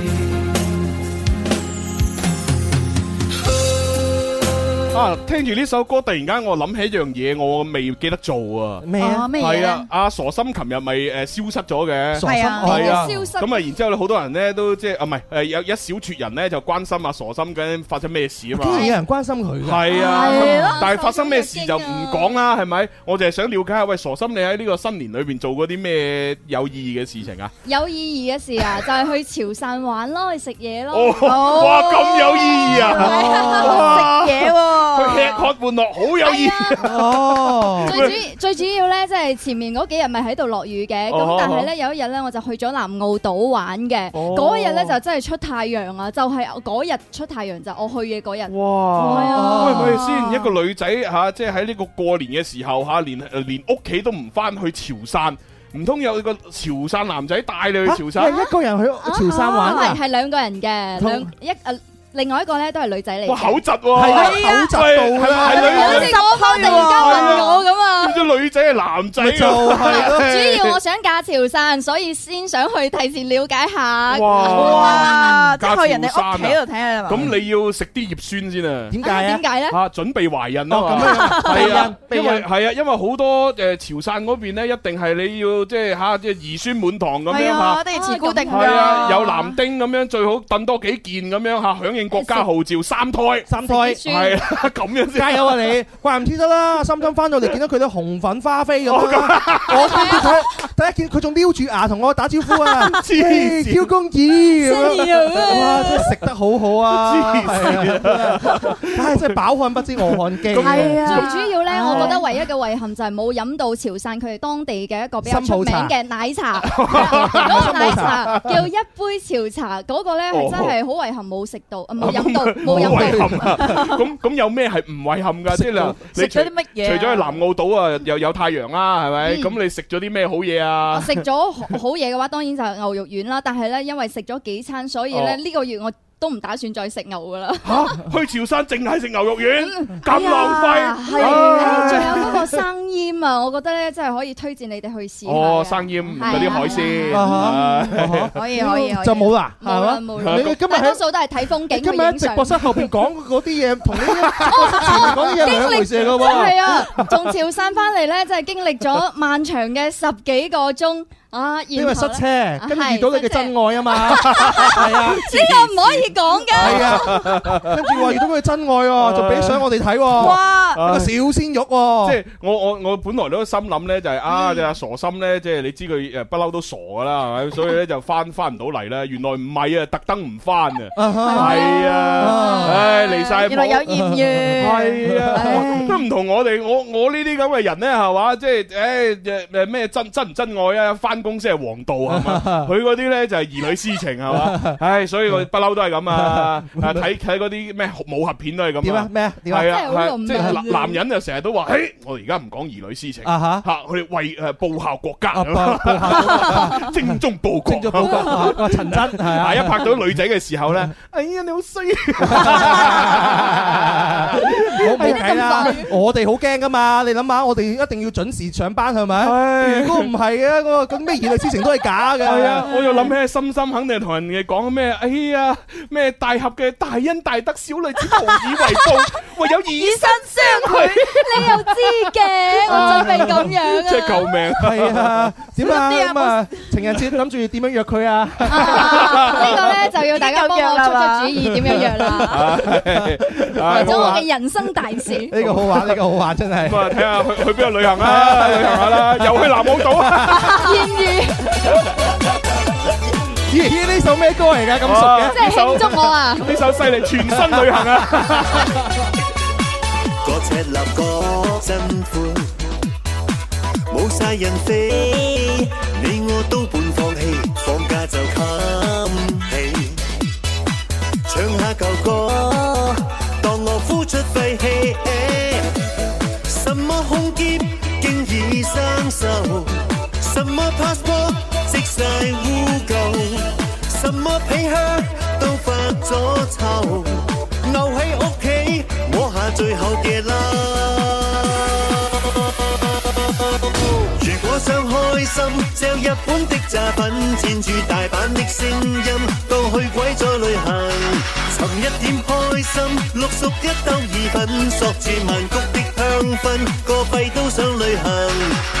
啊！聽住呢首歌，突然間我諗起一樣嘢，我未記得做啊！咩啊？咩嘢係啊！阿傻心琴日咪誒消失咗嘅。係啊，係啊，消失咁啊！然之後好多人咧都即係啊，唔係誒，有一小撮人咧就關心阿傻心究竟發生咩事啊嘛！有人關心佢係啊，係咯，但係發生咩事就唔講啦，係咪？我就係想了解下，喂，傻心，你喺呢個新年裏邊做過啲咩有意義嘅事情啊？有意義嘅事啊，就係去潮汕玩咯，去食嘢咯！哇，咁有意義啊！食嘢喎～佢吃喝玩樂好有意思哦！最主最主要咧，即係前面嗰幾日咪喺度落雨嘅，咁、哦、但係咧有一日咧，我就去咗南澳島玩嘅。嗰日咧就真係出太陽、就是、啊！就係嗰日出太陽就我去嘅嗰日。哇！喂喂，先一個女仔吓，即係喺呢個過年嘅時候吓、啊，連連屋企都唔返去潮汕，唔通有個潮汕男仔帶你去潮汕？係一個人去潮汕玩？唔係，係兩個人嘅兩一誒。另外一個咧都係女仔嚟，嘅。口疾喎，口疾到啦，係女方突然間問我咁啊！唔知女仔係男仔，就係主要我想嫁潮汕，所以先想去提前了解下，哇，即去人哋屋企度睇下嘛。咁你要食啲葉酸先啊？點解啊？點解咧？嚇，準備懷孕咯嘛，懷孕，因為係啊，因為好多誒潮汕嗰邊咧，一定係你要即係嚇，即兒孫滿堂咁樣嚇。我要預估定咗，係啊，有男丁咁樣最好揼多幾件咁樣嚇，響。國家號召三胎，三胎係啦，咁樣加油啊，你怪唔知得啦！心心翻到嚟，見到佢都紅粉花飛咁，我第一見佢仲撩住牙同我打招呼啊，超公子，哇真係食得好好啊，係啊，唉真係飽漢不知餓漢飢。係啊，最主要咧，我覺得唯一嘅遺憾就係冇飲到潮汕佢哋當地嘅一個比較出名嘅奶茶，嗰個奶茶叫一杯潮茶，嗰個咧係真係好遺憾冇食到。冇飲到，冇飲到。咁咁有咩係唔遺憾噶？即係你食咗啲乜嘢？除咗去南澳島啊，又有太陽啦，係咪？咁你食咗啲咩好嘢啊？食咗好嘢嘅話，當然就係牛肉丸啦。但係咧，因為食咗幾餐，所以咧呢個月我都唔打算再食牛噶啦！嚇，去潮汕淨係食牛肉丸，咁浪費。係，仲有嗰個生腌啊，我覺得咧真係可以推薦你哋去試。哦，生腌嗰啲海鮮。可以可以。就冇啦。係咯。今日多數都係睇風景。今日直播室後邊講嗰啲嘢，同呢啲講呢啲係兩回事嚟嘅喎。係啊，從潮汕翻嚟咧，真係經歷咗漫長嘅十幾個鐘。啊！因為塞車，跟住遇到你嘅真愛啊嘛，係啊，呢個唔可以講噶，係啊，跟住話遇到佢真愛喎，就俾相我哋睇，哇，一個小鮮肉，即係我我我本來都心諗咧就係啊，阿傻心咧，即係你知佢誒不嬲都傻噶啦，係咪，所以咧就翻翻唔到嚟啦，原來唔係啊，特登唔翻啊，係啊，唉，離晒，原來有艷遇，係啊，都唔同我哋，我我呢啲咁嘅人咧，係嘛，即係誒誒咩真真唔真愛啊，翻。公司係王道啊，佢嗰啲咧就係兒女私情係嘛，唉，所以我不嬲都係咁啊，睇睇嗰啲咩武俠片都係咁啊，咩係啊，即係男人就成日都話，唉，我而家唔講兒女私情啊吓，吓，我哋為誒報效國家，精忠報國，精忠報國啊，陳真啊，一拍到女仔嘅時候咧，哎呀你好衰，冇咁快，我哋好驚噶嘛，你諗下我哋一定要準時上班係咪？如果唔係啊，我咁。原來事情都係假嘅。係啊，我又諗起深深，肯定係同人哋講咩？哎呀，咩大俠嘅大恩大德，小女子無以為報，唯有以身相許。你又知嘅，我準備咁樣啊！真係救命！係啊，點啊？咁啊，情人節諗住點樣約佢啊？呢個咧就要大家幫我出個主意，點樣約啦？為咗我嘅人生大事。呢個好玩，呢個好玩，真係咁啊！睇下去去邊度旅行啊？旅行下啦，又去南澳島。咦咦呢首咩歌嚟噶？咁熟嘅，即係慶祝我啊！呢首犀利全新旅行啊！各赤立各真歡，冇晒人飛，你我都半放棄，放假就冚起，唱下舊歌。皮靴都發咗臭，留喺屋企摸下最後嘅褸 (noise) 如果想開心，嚼日本的茶品，聽住大阪的聲音，到去鬼再旅行， (noise) 尋一點開心，六叔一兜意粉，索住曼谷的香氛，個幣都想旅行。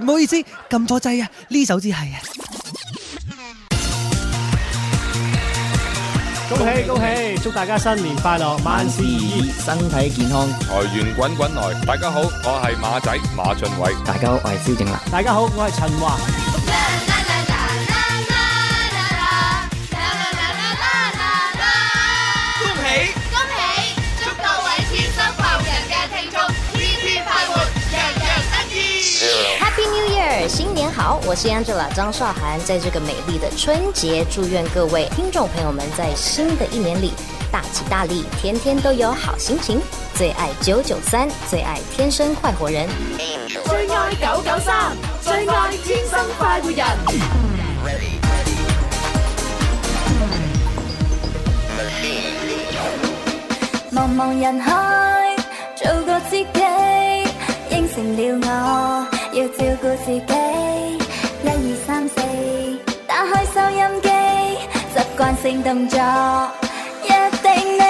唔 (coughs) 好意思，撳錯掣啊！呢首至係啊！恭喜恭喜，祝大家新年快樂，萬事如意，身體健康，財源滾滾來！大家好，我係馬仔馬俊偉。大家好，我係蕭正楠。大家好，我係陳華。嗯啊 Happy New Year，新年好！我是 Angela 張韶涵，在這個美麗的春節，祝願各位聽眾朋友們在新的一年裏大吉大利，天天都有好心情。最愛九九三，最愛天生快活人。最愛九九三，最愛天生快活人。3，茫茫人海，做個知己。明了我要照顧自己。一二三四，打開收音機，習慣性動作，一定。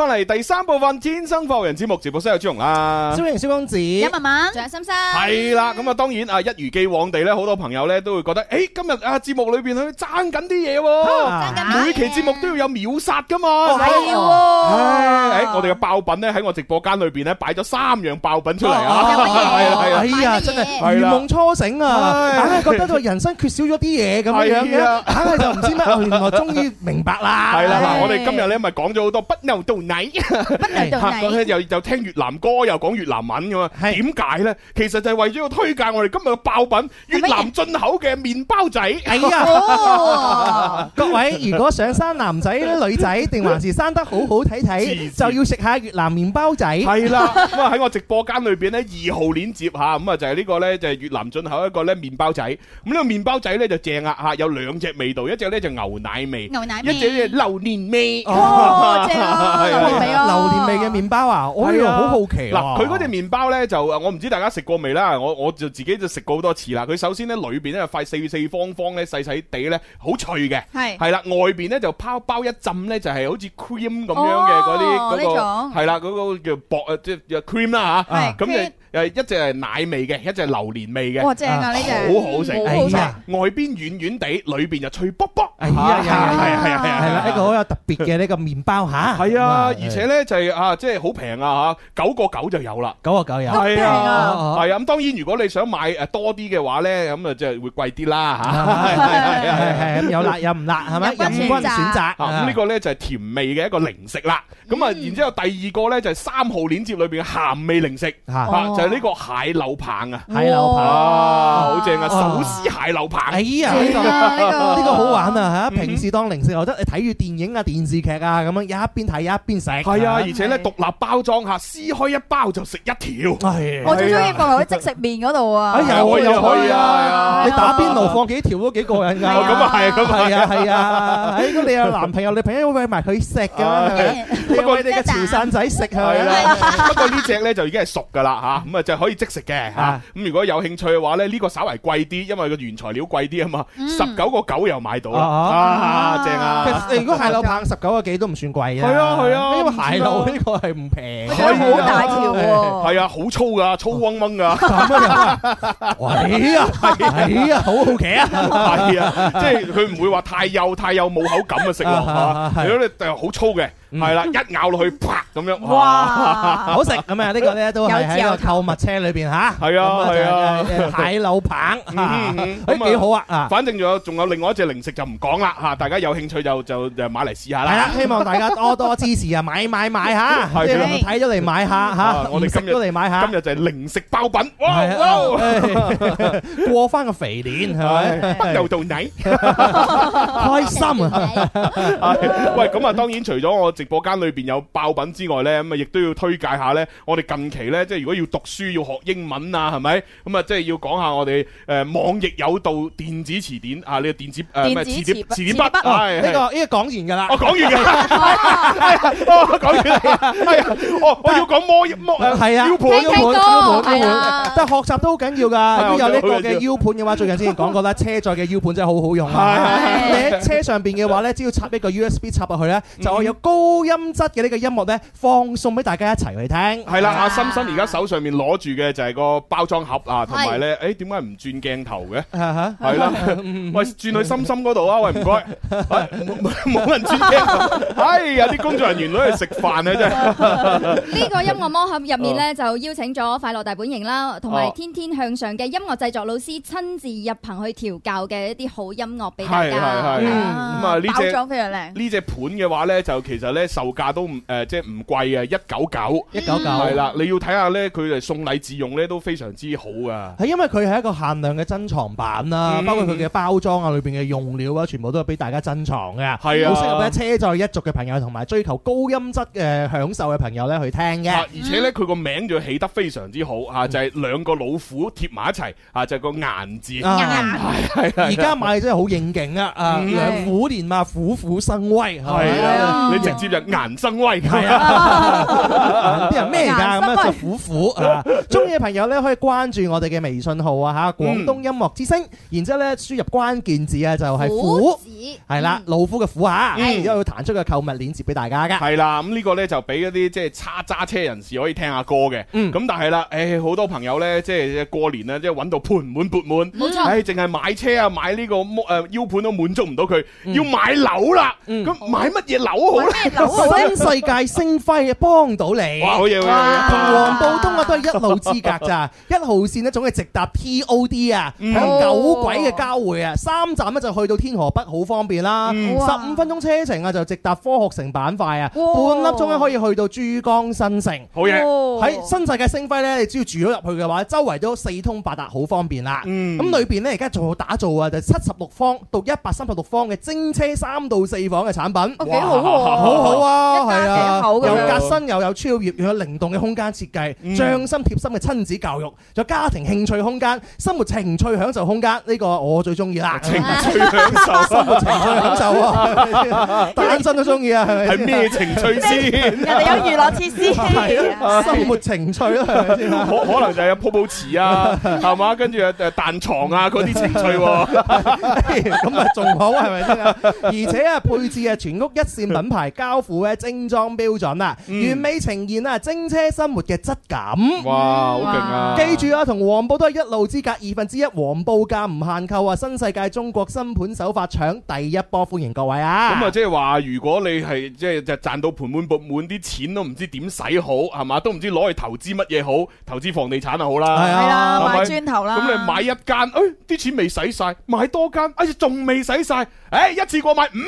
翻嚟第三部分《天生富人節目》，節目室有朱紅啦，蕭瑩、蕭公子、一文文、仲有心心，係啦。咁啊，當然啊，一如既往地咧，好多朋友咧都會覺得，誒今日啊，節目裏邊去爭緊啲嘢喎，爭緊每期節目都要有秒殺噶嘛，係喎。誒，我哋嘅爆品咧喺我直播間裏邊咧擺咗三樣爆品出嚟啊，係啊，係啊，哎呀，真係如夢初醒啊，哎，覺得個人生缺少咗啲嘢咁樣，嚇就唔知乜，我來終於明白啦。係啦，嗱，我哋今日咧咪講咗好多不乜又又聽越南歌，又講越南文咁啊？點解呢？其實就係為咗要推介我哋今日嘅爆品——越南進口嘅麵包仔。哎呀！各位，如果想生男仔、女仔，定還是生得好好睇睇，就要食下越南麵包仔。係啦，咁啊喺我直播間裏邊呢，二號鏈接嚇，咁啊就係呢個呢，就係越南進口一個咧麵包仔。咁呢個麵包仔呢，就正啦嚇，有兩隻味道，一隻呢就牛奶味，牛奶味；一隻咧榴蓮味。哦，正。係咪啊？榴蓮味嘅麵包啊！我好好奇、啊。嗱，佢嗰隻麵包咧就誒，我唔知大家食過未啦。我我就自己就食過好多次啦。佢首先咧裏邊咧塊四四方方咧細細地咧，好脆嘅。係係啦，外邊咧就拋包，包一浸咧，就係、是、好似 cream 咁樣嘅嗰啲嗰個係啦，嗰種、嗰個叫薄誒，即係 cream 啦吓。係咁你。是就誒，一隻係奶味嘅，一隻係榴蓮味嘅，哇，正啊呢隻，好好食，好好食，外邊軟軟地，裏邊就脆卜卜，係啊，係啊，係啊，係啦，一個好有特別嘅呢個麵包吓，係啊，而且咧就係啊，即係好平啊吓，九個九就有啦，九個九有，係啊，係啊，咁當然如果你想買誒多啲嘅話咧，咁啊即係會貴啲啦吓，係啊係啊係啊，有辣有唔辣係咪？任君選擇，咁呢個咧就係甜味嘅一個零食啦，咁啊，然之後第二個咧就係三號鏈接裏邊嘅鹹味零食，吓。呢個蟹柳棒啊，蟹柳棒好正啊！手撕蟹柳棒，哎呀，呢個好玩啊吓！平時當零食我覺得，你睇住電影啊、電視劇啊咁樣，一邊睇一邊食。係啊，而且咧獨立包裝吓，撕開一包就食一條。係，我最中意放喺即食麵嗰度啊！哎呀，我又可以啊！你打邊爐放幾條都幾過癮噶。咁啊係，咁係啊，係啊！哎，咁你有男朋友，你朋友喂埋佢食噶。不過你哋嘅潮汕仔食佢，不過呢隻咧就已經係熟噶啦吓。咁啊，就可以即食嘅嚇。咁如果有興趣嘅話咧，呢個稍微貴啲，因為個原材料貴啲啊嘛。十九個九又買到啦，啊正啊！其實如果蟹柳棒十九個幾都唔算貴啦，係啊係啊，因為蟹柳呢個係唔平，好大條喎，係啊，好粗噶，粗嗡嗡噶。喂啊喂啊，好好奇啊，係啊，即係佢唔會話太幼太幼冇口感嘅食落啊。如果你係好粗嘅。係啦，一咬落去，啪咁樣，哇，好食咁啊！呢個咧都係喺個購物車裏邊吓，係啊係啊，蟹柳棒，咁幾好啊！啊，反正仲有仲有另外一隻零食就唔講啦吓，大家有興趣就就就買嚟試下啦。係啊，希望大家多多支持啊，買買買吓，即係睇咗嚟買下吓，我哋今日都嚟買下，今日就係零食爆品，哇哇，過翻個肥年，又到你開心，喂，咁啊，當然除咗我。直播間裏邊有爆品之外咧，咁啊亦都要推介下咧。我哋近期咧，即係如果要讀書要學英文啊，係咪？咁啊，即係要講下我哋誒網易有道電子詞典啊，呢個電子誒詞典，詞典筆係呢個呢個講完㗎啦。我講完㗎啦，講完係啊！我我要講魔魔係啊 U 盤 U 盤 U 盤。但係學習都好緊要㗎。都有呢個嘅 U 盤嘅話，最近之前講過啦，車載嘅 U 盤真係好好用啊！你喺車上邊嘅話咧，只要插一個 USB 插落去咧，就可以有高。高音質嘅呢個音樂咧，放送俾大家一齊去聽。係啦，阿心心而家手上面攞住嘅就係個包裝盒啊，同埋咧，誒，點解唔轉鏡頭嘅？係啦，喂，轉去心心嗰度啊！喂，唔該，冇人轉鏡頭，係啊，啲工作人員攞去食飯啊！真係。呢個音樂魔盒入面咧，就邀請咗《快樂大本營》啦，同埋《天天向上》嘅音樂製作老師親自入棚去調教嘅一啲好音樂俾大家。嗯，咁啊，包裝非常靚。呢隻盤嘅話咧，就其實咧。即係售價都誒，即係唔貴啊，一九九，一九九係啦。你要睇下咧，佢哋送禮自用咧都非常之好啊。係因為佢係一個限量嘅珍藏版啊，包括佢嘅包裝啊，裏邊嘅用料啊，全部都係俾大家珍藏嘅，好適合咧車載一族嘅朋友同埋追求高音質嘅享受嘅朋友咧去聽嘅。而且咧，佢個名仲起得非常之好啊，就係兩個老虎貼埋一齊啊，就個顏字。係而家買真係好應景啊！虎年啊，虎虎生威。係啊，你直接。日硬生威，係啊！啲人咩噶咁啊？就虎虎啊！中意嘅朋友咧，可以關注我哋嘅微信號啊！吓，廣東音樂之聲，然之後咧輸入關鍵字啊，就係虎，係啦，老虎嘅虎吓，然之後會彈出個購物鏈接俾大家噶。係啦，咁呢個咧就俾一啲即係叉揸車人士可以聽下歌嘅。咁但係啦，誒，好多朋友咧即係過年咧即係搵到盆滿缽滿，冇錯，誒，淨係買車啊，買呢個誒 U 盤都滿足唔到佢，要買樓啦，咁買乜嘢樓好咧？新世界星輝幫到你，好嘢同黃埔通啊都係一路之隔咋？一號線咧總係直達 TOD 啊，喺九軌嘅交匯啊，三站咧就去到天河北好方便啦，十五分鐘車程啊就直達科學城板塊啊，半粒鐘咧可以去到珠江新城。好嘢！喺新世界星輝咧，你只要住咗入去嘅話，周圍都四通八達，好方便啦。咁裏邊呢，而家仲有打造啊，就七十六方到一百三十六方嘅精奢三到四房嘅產品。哇！好啊，係啊，有革新又有超越又有靈動嘅空間設計，匠心貼心嘅親子教育，仲有家庭興趣空間，生活情趣享受空間，呢個我最中意啦！情趣享受，生活情趣享受啊！單身都中意啊，係咩情趣先？人哋有娛樂設施，生活情趣啦，可可能就係有泡泡池啊，係嘛？跟住啊彈床啊嗰啲情趣，咁啊仲好係咪先？啊？而且啊，配置啊，全屋一線品牌包覆嘅精裝標準啦，嗯、完美呈現啦，精車生活嘅質感。哇，好勁啊！記住啊，同黃埔都係一路之隔，二分之一黃埔價唔限購啊！新世界中國新盤手法搶第一波，歡迎各位啊！咁啊、嗯，即係話如果你係即係賺到盆滿缽滿啲錢都唔知點使好係嘛？都唔知攞去投資乜嘢好？投資房地產就好啦，係啊，吧買磚頭啦。咁你買一間，哎，啲錢未使晒；買多間，哎，仲未使晒。誒，一次過買五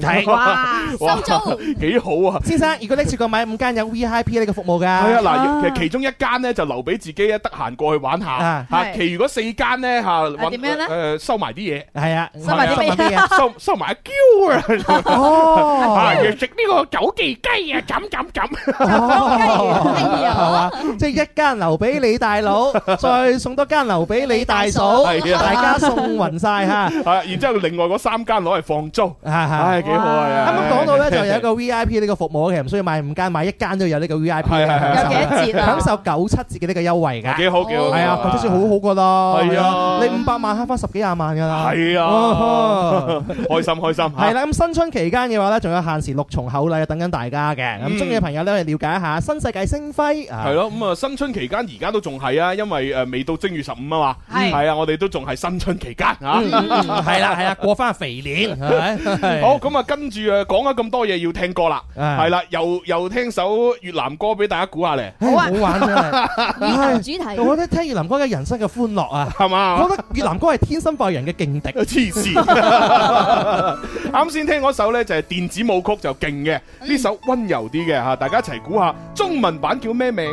間，係哇，收租幾好啊！先生，如果一次過買五間有 VIP 呢個服務噶？係啊，嗱，其實其中一間咧就留俾自己咧，得閒過去玩下。吓，其餘嗰四間咧吓，或點樣咧？誒，收埋啲嘢。係啊，收埋啲咩嘢？收收埋阿嬌啊！哦，食呢個九記雞啊！咁咁咁！哦，即係一間留俾你大佬，再送多間留俾你大嫂，大家送勻晒吓。係，然之後另外嗰三間攞我係放租，係係，係幾好啊！啱啱講到咧，就有一個 V I P 呢個服務，其實唔需要買五間，買一間都有呢個 V I P，有幾多折啊？享受九七折嘅呢個優惠噶，幾好幾好，係啊，咁就算好好噶啦，係啊，你五百萬慳翻十幾廿萬噶啦，係啊，開心開心吓！係啦，咁新春期間嘅話咧，仲有限時六重厚禮等緊大家嘅，咁中意嘅朋友咧，嚟了解一下新世界星輝啊！係咯，咁啊，新春期間而家都仲係啊，因為誒未到正月十五啊嘛，係係啊，我哋都仲係新春期間啊，係啦係啊，過翻肥年。係 (music) (music) 好咁啊！跟住啊，講咗咁多嘢，要聽歌啦。係啦， (music) 又又聽首越南歌俾大家估下咧。好啊，好玩啊！主題。我覺得聽越南歌嘅人生嘅歡樂啊，係嘛吧？我覺得越南歌係天生敗人嘅勁敵。黐線經！啱 (laughs) 先 (laughs) 聽嗰首咧就係電子舞曲，就勁嘅。呢首溫柔啲嘅吓，大家一齊估下中文版叫咩名？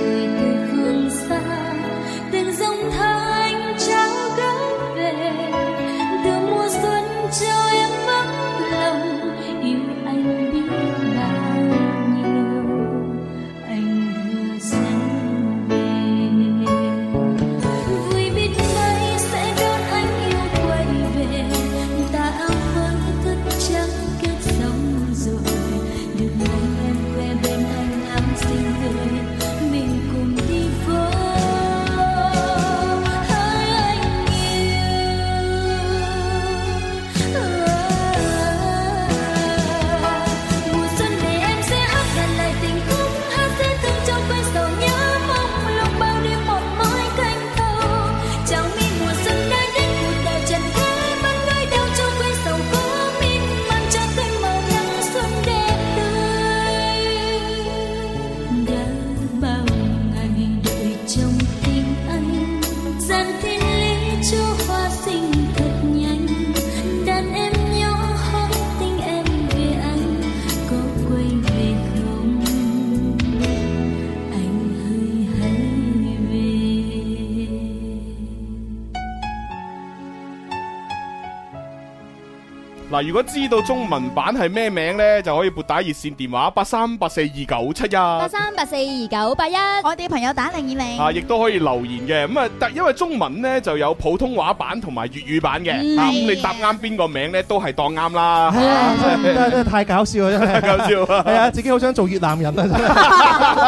如果知道中文版係咩名咧，就可以撥打熱線電話八三八四二九七一八三八四二九八一，81，我哋朋友打零二零。啊，亦都可以留言嘅。咁啊，因為中文咧就有普通話版同埋粵語版嘅。啊、嗯，咁你答啱邊個名咧，都係當啱啦。哎、真真太搞笑啊！真搞笑啊！啊， (laughs) (laughs) (laughs) 自己好想做越南人啊！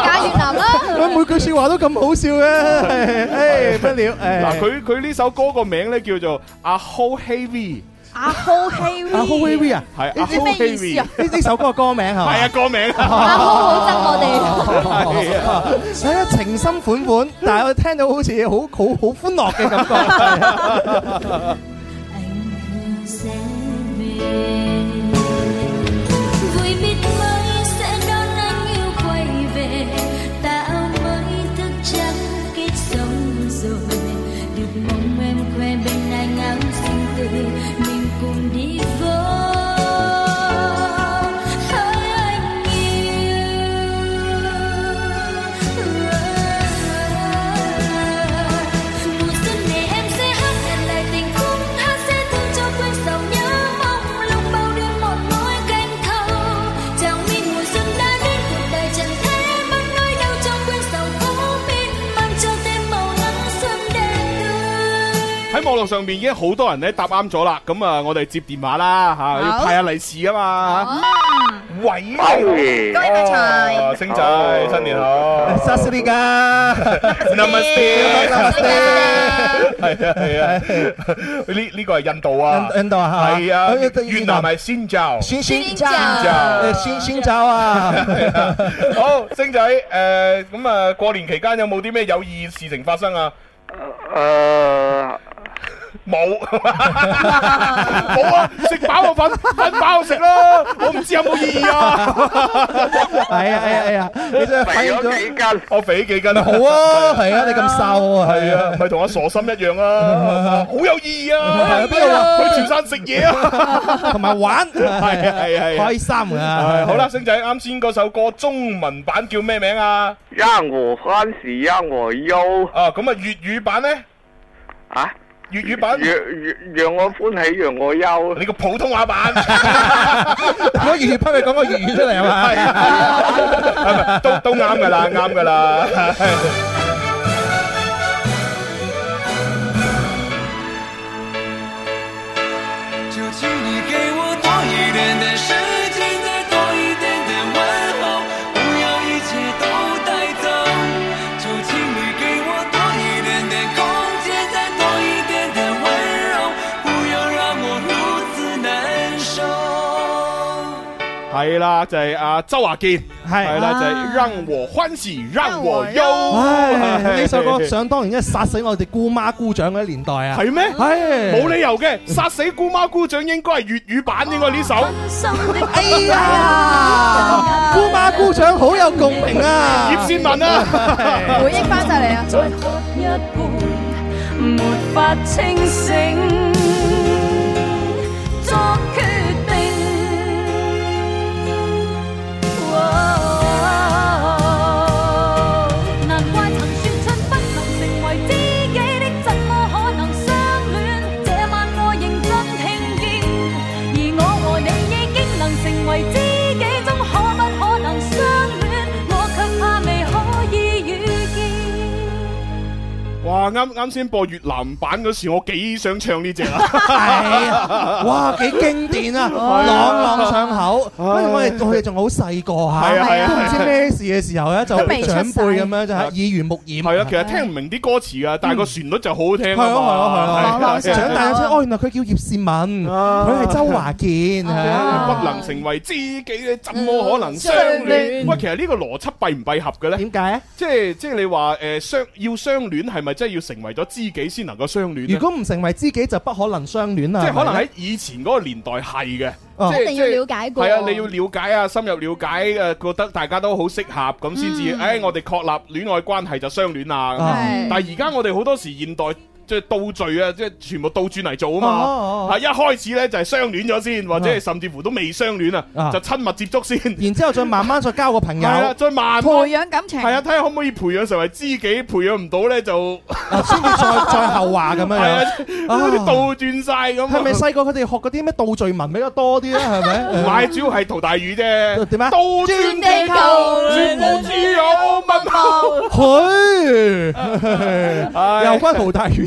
假 (laughs) 越南啦！佢 (laughs) 每句説話都咁好笑嘅，誒不了。嗱、哎，佢佢呢首歌個名咧叫做《阿豪 Heavy》。阿 h o k e 啊 h o k v 啊，係，呢啲咩意思啊？呢呢首歌嘅歌名係嘛？係啊，歌名啊，好好憎我哋，係啊，情深款款，但係我聽到好似好好好歡樂嘅感覺。網絡上面已經好多人咧答啱咗啦，咁啊，我哋接電話啦吓，要派下利是啊嘛。喂，多謝，星仔新年好，Sasuriga，Namaste，係啊係啊，呢呢個係印度啊，印度啊，係啊，越南係仙椒，仙椒，仙椒，仙仙椒啊。好，星仔，誒，咁啊，過年期間有冇啲咩有意事情發生啊？誒。冇，冇啊！食飽就瞓，瞓飽就食啦。我唔知有冇意義啊。係啊係啊係啊，你真係肥咗幾斤，我肥咗幾斤啊。好啊，係啊，你咁瘦啊，係啊，唔係同阿傻心一樣啊。好有意義啊，去潮汕食嘢啊，同埋玩，係啊係啊，開心啊。好啦，星仔，啱先嗰首歌中文版叫咩名啊？讓我歡喜讓我憂。哦，咁啊，粵語版咧啊？粵語版讓，讓我歡喜讓我憂，你個普通話版，我粵語版，你講個粵語出嚟係咪，都都啱㗎啦，啱㗎啦。 (laughs) (laughs) (laughs) 係啦，就係阿周華健，係啦，就係讓我歡喜讓我憂呢首歌，想當年一殺死我哋姑媽姑丈嗰年代啊，係咩？係冇理由嘅，殺死姑媽姑丈應該係粵語版，應該呢首。哎呀，姑媽姑丈好有共鳴啊！葉倩文啊，回憶翻晒嚟啊！再喝一杯，沒法清醒。」哇！啱啱先播越南版嗰時，我幾想唱呢隻啊！係哇，幾經典啊，朗朗上口。喂，佢哋仲好細個嚇，係啊係啊，唔知咩事嘅時候咧，就長輩咁樣就係耳濡目染。係啊，其實聽唔明啲歌詞啊，但係個旋律就好聽。係啊係啊係啊，長大咗先，哦，原來佢叫葉倩文，佢係周華健。不能成為知己，怎麼可能相戀？喂，其實呢個邏輯閉唔閉合嘅咧？點解啊？即係即係你話誒，相要相戀係咪？即係要成為咗知己先能夠相戀。如果唔成為知己，就不可能相戀啦。即係可能喺以前嗰個年代係嘅，哦、即係是你要了解過。係啊，你要了解啊，深入了解，誒，覺得大家都好適合咁先至。誒、嗯哎，我哋確立戀愛關係就相戀啦。但係而家我哋好多時現代。即係倒敘啊！即係全部倒轉嚟做啊嘛，係一開始咧就係相戀咗先，或者係甚至乎都未相戀啊，就親密接觸先，然之後再慢慢再交個朋友，再慢慢培養感情，係啊，睇下可唔可以培養成為知己，培養唔到咧就先至再再後話咁樣樣，係啊，倒轉晒咁。係咪細個佢哋學嗰啲咩倒敘文比較多啲咧？係咪？唔係，主要係陶大宇啫。點樣？倒轉地球，全部只有問候。嘿，又關陶大宇。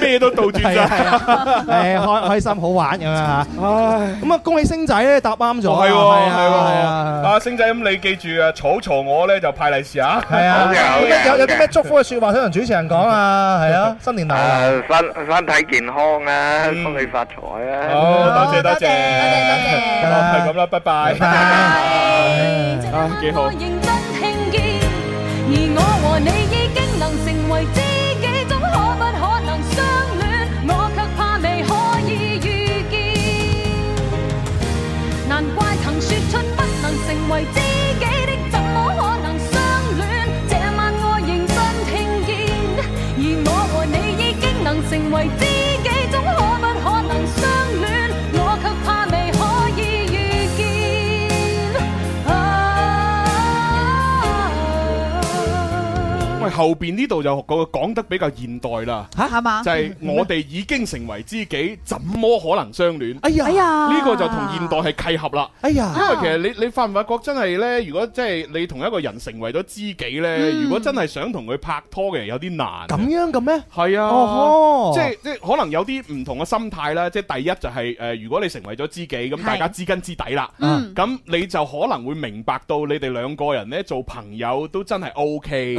咩都倒轉晒，誒，開開心好玩咁樣嚇。咁啊，恭喜星仔咧答啱咗。係喎，係啊，係啊，阿星仔咁你記住啊，草嘈我咧就派利是啊。係啊。有有啲咩祝福嘅説話想同主持人講啊？係啊，新年大身身體健康啊，恭喜發財啊。好，多謝多謝多謝。係咁啦，拜拜。好，認真聽見而我，和你已經拜拜。幾好。可不可能相戀？我卻怕未可以遇見。難怪曾說出不能成為知己的，怎麼可能相戀？這晚我認真聽見，而我和你已經能成為知己。因為後邊呢度就個講得比較現代啦，係嘛哈？就係我哋已經成為知己，怎麼可能相戀？哎呀，呢個就同現代係契合啦。哎呀，因為其實你你發唔發覺真係咧，如果即係你同一個人成為咗知己咧，嗯、如果真係想同佢拍拖嘅，人有啲難。咁樣嘅咩？係啊，即係即係可能有啲唔同嘅心態啦。即、就、係、是、第一就係、是、誒、呃，如果你成為咗知己，咁大家知根知底啦。嗯，咁你就可能會明白到你哋兩個人咧做朋友都真係 O K。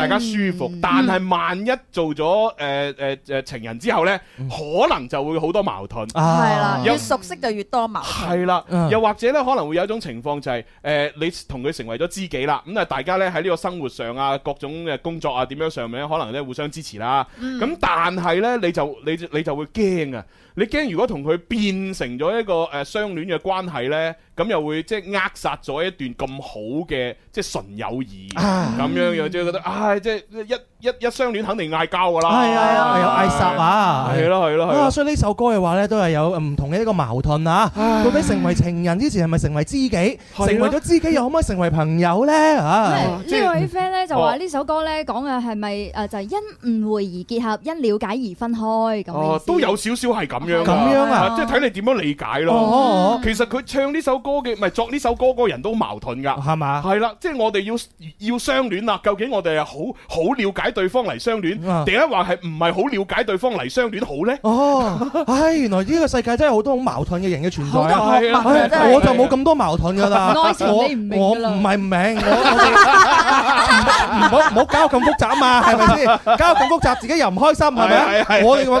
大家舒服，但係萬一做咗誒誒誒情人之後呢，可能就會好多矛盾。係啦、啊，又越熟悉就越多矛盾。係啦的，嗯、又或者呢，可能會有一種情況就係、是、誒、呃，你同佢成為咗知己啦。咁啊，大家呢喺呢個生活上啊，各種嘅工作啊，點樣上面可能呢互相支持啦。咁、嗯、但係呢，你就你就你就你就會驚啊！你驚如果同佢變成咗一個誒相、呃、戀嘅關係呢？咁又會即係扼殺咗一段咁好嘅即係純友誼，咁樣樣即係覺得，唉，即係一一一相戀肯定嗌交㗎啦，係啊，有嗌殺啊，係咯係咯，啊，所以呢首歌嘅話咧，都係有唔同嘅一個矛盾啊。到底成為情人之前係咪成為知己，成為咗知己又可唔可以成為朋友咧？嚇，呢位 friend 咧就話呢首歌咧講嘅係咪誒就係因誤會而結合，因了解而分開咁？哦，都有少少係咁樣。咁樣啊，即係睇你點樣理解咯。哦，其實佢唱呢首歌。歌嘅，咪作呢首歌，個人都矛盾噶，係嘛？係啦，即係我哋要要相戀啦。究竟我哋係好好了解對方嚟相戀，定係話係唔係好了解對方嚟相戀好咧？哦，唉，原來呢個世界真係好多好矛盾嘅人嘅存在啊！我就冇咁多矛盾噶啦，我我唔係唔明，唔好唔好搞咁複雜嘛，係咪先？搞咁複雜，自己又唔開心，係咪啊？我哋我。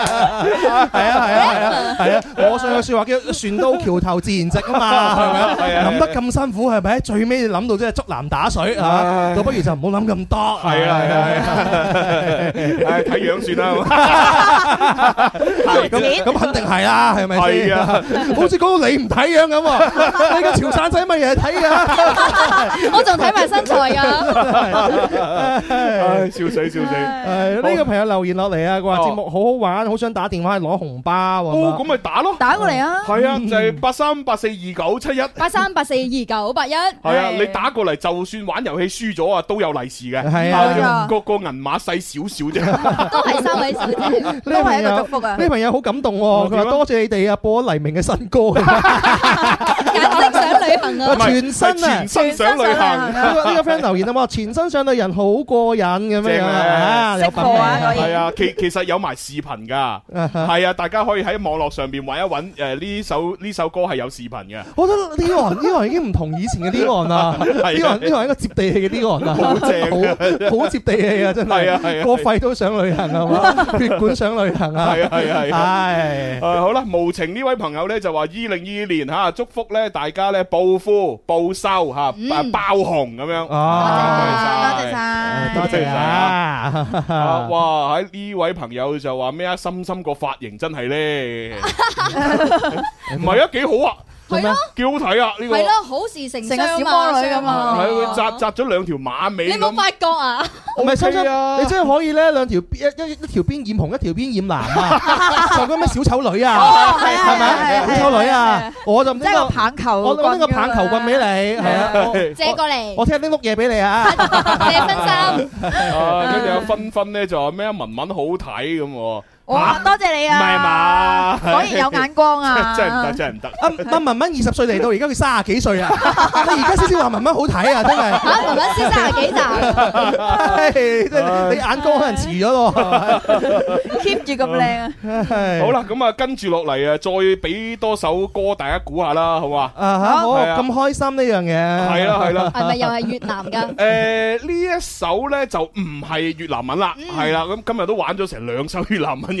係啊，係啊，係啊，係啊！我上句說話叫船到橋頭自然直啊嘛，係咪啊？諗得咁辛苦，係咪？最尾諗到即係竹籃打水啊！倒不如就唔好諗咁多。係啊係啊，係啊，睇樣算啦。咁咁肯定係啦，係咪？係啊，好似講到你唔睇樣咁啊！你個潮汕仔乜嘢睇啊？我仲睇埋身材啊，笑死笑死！誒，呢個朋友留言落嚟啊，佢話節目好好玩，好想。打電話去攞紅包，咁咪打咯，打過嚟啊！係啊，就係八三八四二九七一，八三八四二九八一。係啊，你打過嚟就算玩遊戲輸咗啊，都有利是嘅。係啊，個個銀碼細少少啫，都係三位數，都係一個祝福啊！呢朋友好感動，佢話多謝你哋啊，播黎明嘅新歌。旅行啊！全身啊，全身想旅行啊！呢個呢個 friend 留言啊，嘛全身想旅行好過癮咁樣啊，識爬啊，係啊，其其實有埋視頻噶，係啊，大家可以喺網絡上邊搵一搵誒，呢首呢首歌係有視頻嘅。我覺得呢行呢行已經唔同以前嘅啲行啦，呢行呢行係一個接地氣嘅啲行啦，好正啊，好接地氣啊，真係啊，係個肺都想旅行啊，嘛，血管想旅行啊，係啊，係啊，係。誒，好啦，無情呢位朋友咧就話二零二二年吓，祝福咧大家咧。報夫、報收吓，爆、啊、紅咁樣。啊、多謝晒，多謝晒。哇！喺呢位朋友就話咩 (laughs) (laughs) 啊？深深個髮型真係咧，唔係啊，幾好啊！係咯，幾好睇啊！呢個係咯，好事成雙小魔女噶嘛，係佢紮紮咗兩條馬尾。你冇發覺啊？我咪吹啊！你真係可以咧，兩條一一一條邊染紅，一條邊染藍啊！就咩小丑女啊，係咪小丑女啊？我就唔知個棒球，我拎個棒球棍俾你，借過嚟。我聽日拎屋嘢俾你啊！你分身，跟住有芬芬咧，就咩文文好睇咁。多謝你啊！唔係嘛，果然有眼光啊！真係唔得，真係唔得。阿阿文文二十歲嚟到，而家佢三十幾歲啊？而家先先話文文好睇啊！真係嚇，文文先三十幾咋？係，你眼光可能遲咗喎。keep 住咁靚啊！好啦，咁啊跟住落嚟啊，再俾多首歌大家估下啦，好嘛？嚇我咁開心呢樣嘢，係啦係啦，係咪又係越南㗎？誒呢一首咧就唔係越南文啦，係啦。咁今日都玩咗成兩首越南文。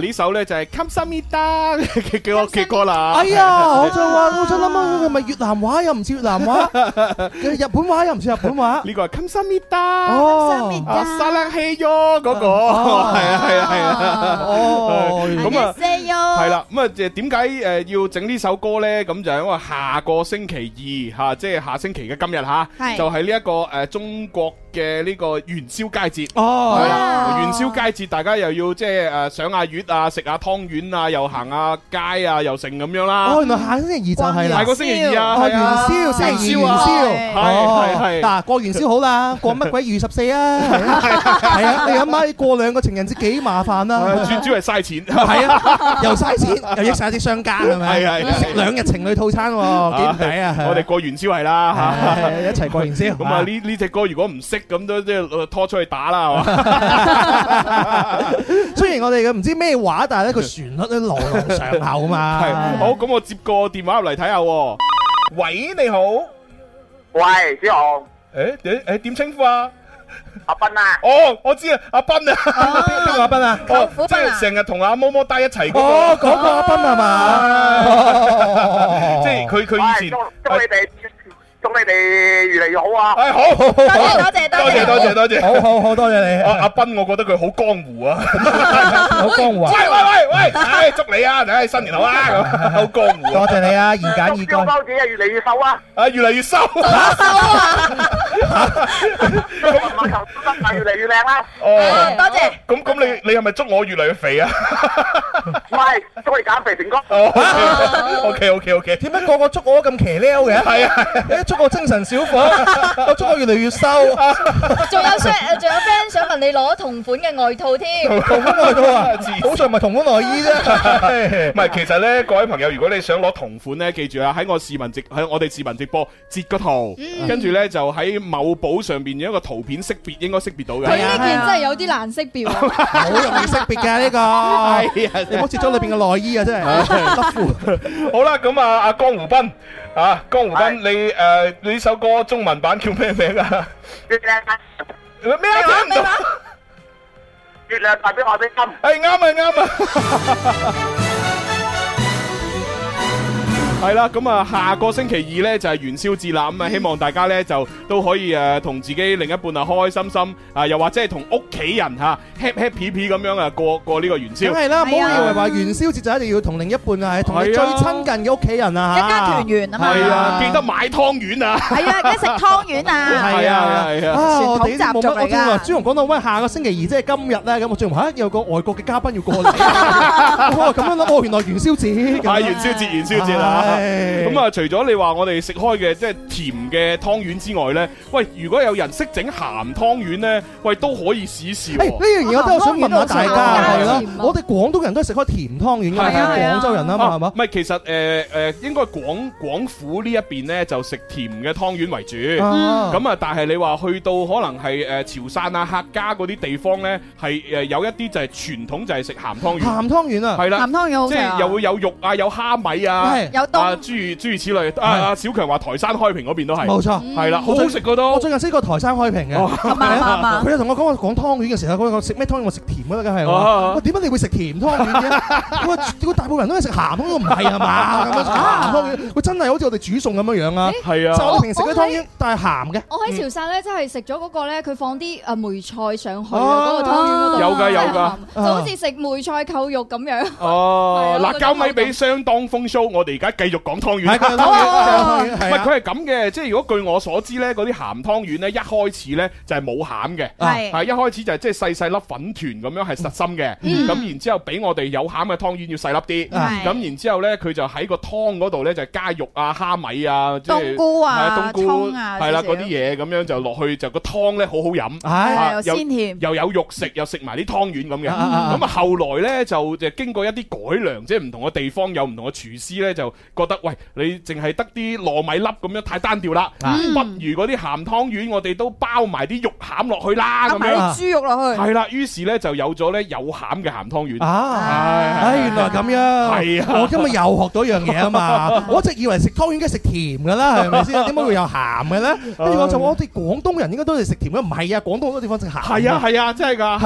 呢首咧就係 Kam Samida 嘅歌曲啦。哎呀，我想話，我想諗下，係咪越南話又唔似越南話？係日本話又唔似日本話？呢個係 Kam Samida。哦，Salak Heyo 嗰個，係啊係啊係啊。哦，咁啊，係啦。咁啊，誒點解誒要整呢首歌咧？咁就因為下個星期二嚇，即係下星期嘅今日嚇，就係呢一個誒中國。嘅呢個元宵佳節哦，元宵佳節大家又要即係誒賞下月啊，食下湯圓啊，又行下街啊，又成咁樣啦。哦，原來下星期二就係啦，下個星期二啊，元宵，元宵啊，係係係。嗱，過元宵好啦，過乜鬼二十四啊？係啊，你諗下，過兩個情人節幾麻煩啊？最主要係嘥錢，係啊，又嘥錢，又益曬啲商家係咪？係啊，兩日情侶套餐幾抵啊！我哋過元宵係啦，一齊過元宵。咁啊，呢呢隻歌如果唔識？咁都即係拖出去打啦，係嘛？雖然我哋嘅唔知咩話，但係咧個旋律都朗朗上口嘛。係，好，咁我接個電話入嚟睇下。喂，你好。喂，小紅。誒，誒，點稱呼啊？阿斌啊？哦，我知啊，阿斌啊。邊個阿斌啊？哦，即係成日同阿么么帶一齊。哦，嗰個阿斌係嘛？即係佢佢以前。祝你哋越嚟越好啊！哎，好好好好，多謝多謝多謝多謝，好好好多謝你。阿阿斌，我覺得佢好江湖啊，好江湖。喂喂喂喂，哎，祝你啊，你新年好啊，好江湖。多謝你啊，二減二，薑包子啊，越嚟越瘦啊，啊，越嚟越瘦。咁，馬球身板越嚟越靚啦。哦，多謝。咁咁，你你係咪祝我越嚟越肥啊？喂，祝你減肥成功。O K O K O K，點解個個祝我都咁騎呢歐嘅？係啊，誒，祝。個精神小伙，我中國越嚟越瘦。仲 (laughs) (laughs) 有 friend，仲有 friend 想問你攞同款嘅外套添。 (laughs) 同款外套啊，好在唔係同款內衣啫。唔係， (laughs) 其實咧，各位朋友，如果你想攞同款咧，記住啊，喺我視頻直，喺我哋視頻直播截個圖，嗯、跟住咧就喺某寶上邊有一個圖片識別，應該識別到嘅。佢呢件真係有啲難識別，好 (laughs) (laughs) 容易識別噶呢個。 (laughs) 哎、呀你唔好截咗裏邊嘅內衣啊，真係濕 (laughs) (laughs) (laughs) 好啦，咁啊，阿江湖斌。啊，江湖斌，你誒呢首歌中文版叫咩名啊？月亮，咩啊？月亮代表我嘅心。係啱啊！啱啊！係啦，咁啊，下個星期二咧就係元宵節啦，咁啊，希望大家咧就都可以誒同自己另一半啊開開心心啊，又或者係同屋企人吓 happy happy 咁樣啊過過呢個元宵。梗係啦，唔好以為話元宵節就一定要同另一半啊，同最親近嘅屋企人啊一家團圓啊嘛。係啊，記得買湯圓啊。係啊，一食湯圓啊。係啊，係啊。傳統習俗嚟噶。朱紅講到喂，下個星期二即係今日咧，咁我仲有個外國嘅嘉賓要過嚟。咁樣啦，哦，原來元宵節。係元宵節，元宵節啦。咁啊、嗯嗯，除咗你話我哋食開嘅即係甜嘅湯圓之外咧，喂，如果有人識整鹹湯圓咧，喂，都可以試、哦。試喎、欸。呢樣嘢我都想問下大家像像、啊、我哋廣東人都食開甜湯圓嘅，對對對對廣州人啊嘛係嘛？唔係、啊嗎啊、其實誒誒、呃呃、應該廣廣府一呢一邊咧就食甜嘅湯圓為主。咁啊、嗯嗯，但係你話去到可能係誒潮汕啊、客家嗰啲地方咧，係誒有一啲就係傳統就係食鹹湯圓，鹹湯圓啊，係啦，鹹湯圓、啊、即係又會有肉啊，有蝦米啊，是啊，諸如此類，阿小強話台山開平嗰邊都係，冇錯，係啦，好好食噶都。我最近識過台山開平嘅，佢有同我講話講湯圓嘅時候，佢話食咩湯圓？我食甜嗰梗嘅係，點解你會食甜湯圓嘅？我話，大部分人都係食鹹嗰個唔係係嘛？啊湯圓，我真係好似我哋煮餸咁樣樣啊，係啊，就我平時食啲湯圓，但係鹹嘅。我喺潮汕咧，真係食咗嗰個咧，佢放啲啊梅菜上去嗰個湯圓度，有㗎有㗎，就好似食梅菜扣肉咁樣。哦，辣椒味俾相當風騷，我哋而家繼續講湯圓，係佢係咁嘅，即係如果據我所知呢，嗰啲咸湯圓呢，一開始呢就係冇餡嘅，係，一開始就係即係細細粒粉團咁樣係實心嘅，咁然之後俾我哋有餡嘅湯圓要細粒啲，咁然之後咧佢就喺個湯嗰度呢，就加肉啊蝦米啊，冬菇啊，冬菇係啦嗰啲嘢咁樣就落去就個湯呢好好飲，又鮮甜，又有肉食又食埋啲湯圓咁嘅，咁啊後來咧就就經過一啲改良，即係唔同嘅地方有唔同嘅廚師呢。就。覺得喂，你淨係得啲糯米粒咁樣太單調啦，不如嗰啲鹹湯圓我哋都包埋啲肉餡落去啦，咁咪豬肉落去，係啦，於是咧就有咗咧有餡嘅鹹湯圓。啊，係，原來咁樣，係啊對，對我今日又學到一樣嘢啊嘛， (laughs) 我一直以為食湯圓應該食甜㗎啦，係咪先？點解會有鹹嘅咧？跟住 (laughs) (laughs) 我就我哋廣東人應該都係食甜嘅，唔係啊？廣東好多地方食鹹，係啊係啊，真係㗎，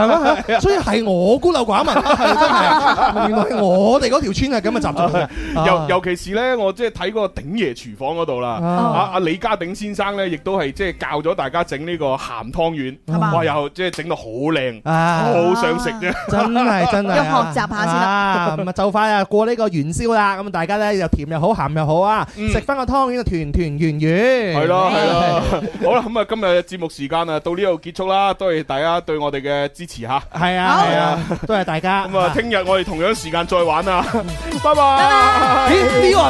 係所以係我孤陋寡聞，真係，原來我哋嗰條村係咁嘅習俗，尤尤其是咧。咧我即係睇嗰個鼎爺廚房嗰度啦，阿阿李家鼎先生咧亦都係即係教咗大家整呢個鹹湯圓，哇又即係整到好靚，啊好想食啫，真係真係要學習下先得，咁啊就快啊過呢個元宵啦，咁大家咧又甜又好鹹又好啊，食翻個湯圓團團圓圓，係咯係咯，好啦咁啊今日嘅節目時間啊到呢度結束啦，多謝大家對我哋嘅支持吓！係啊，係啊！多謝大家，咁啊聽日我哋同樣時間再玩啊，拜拜，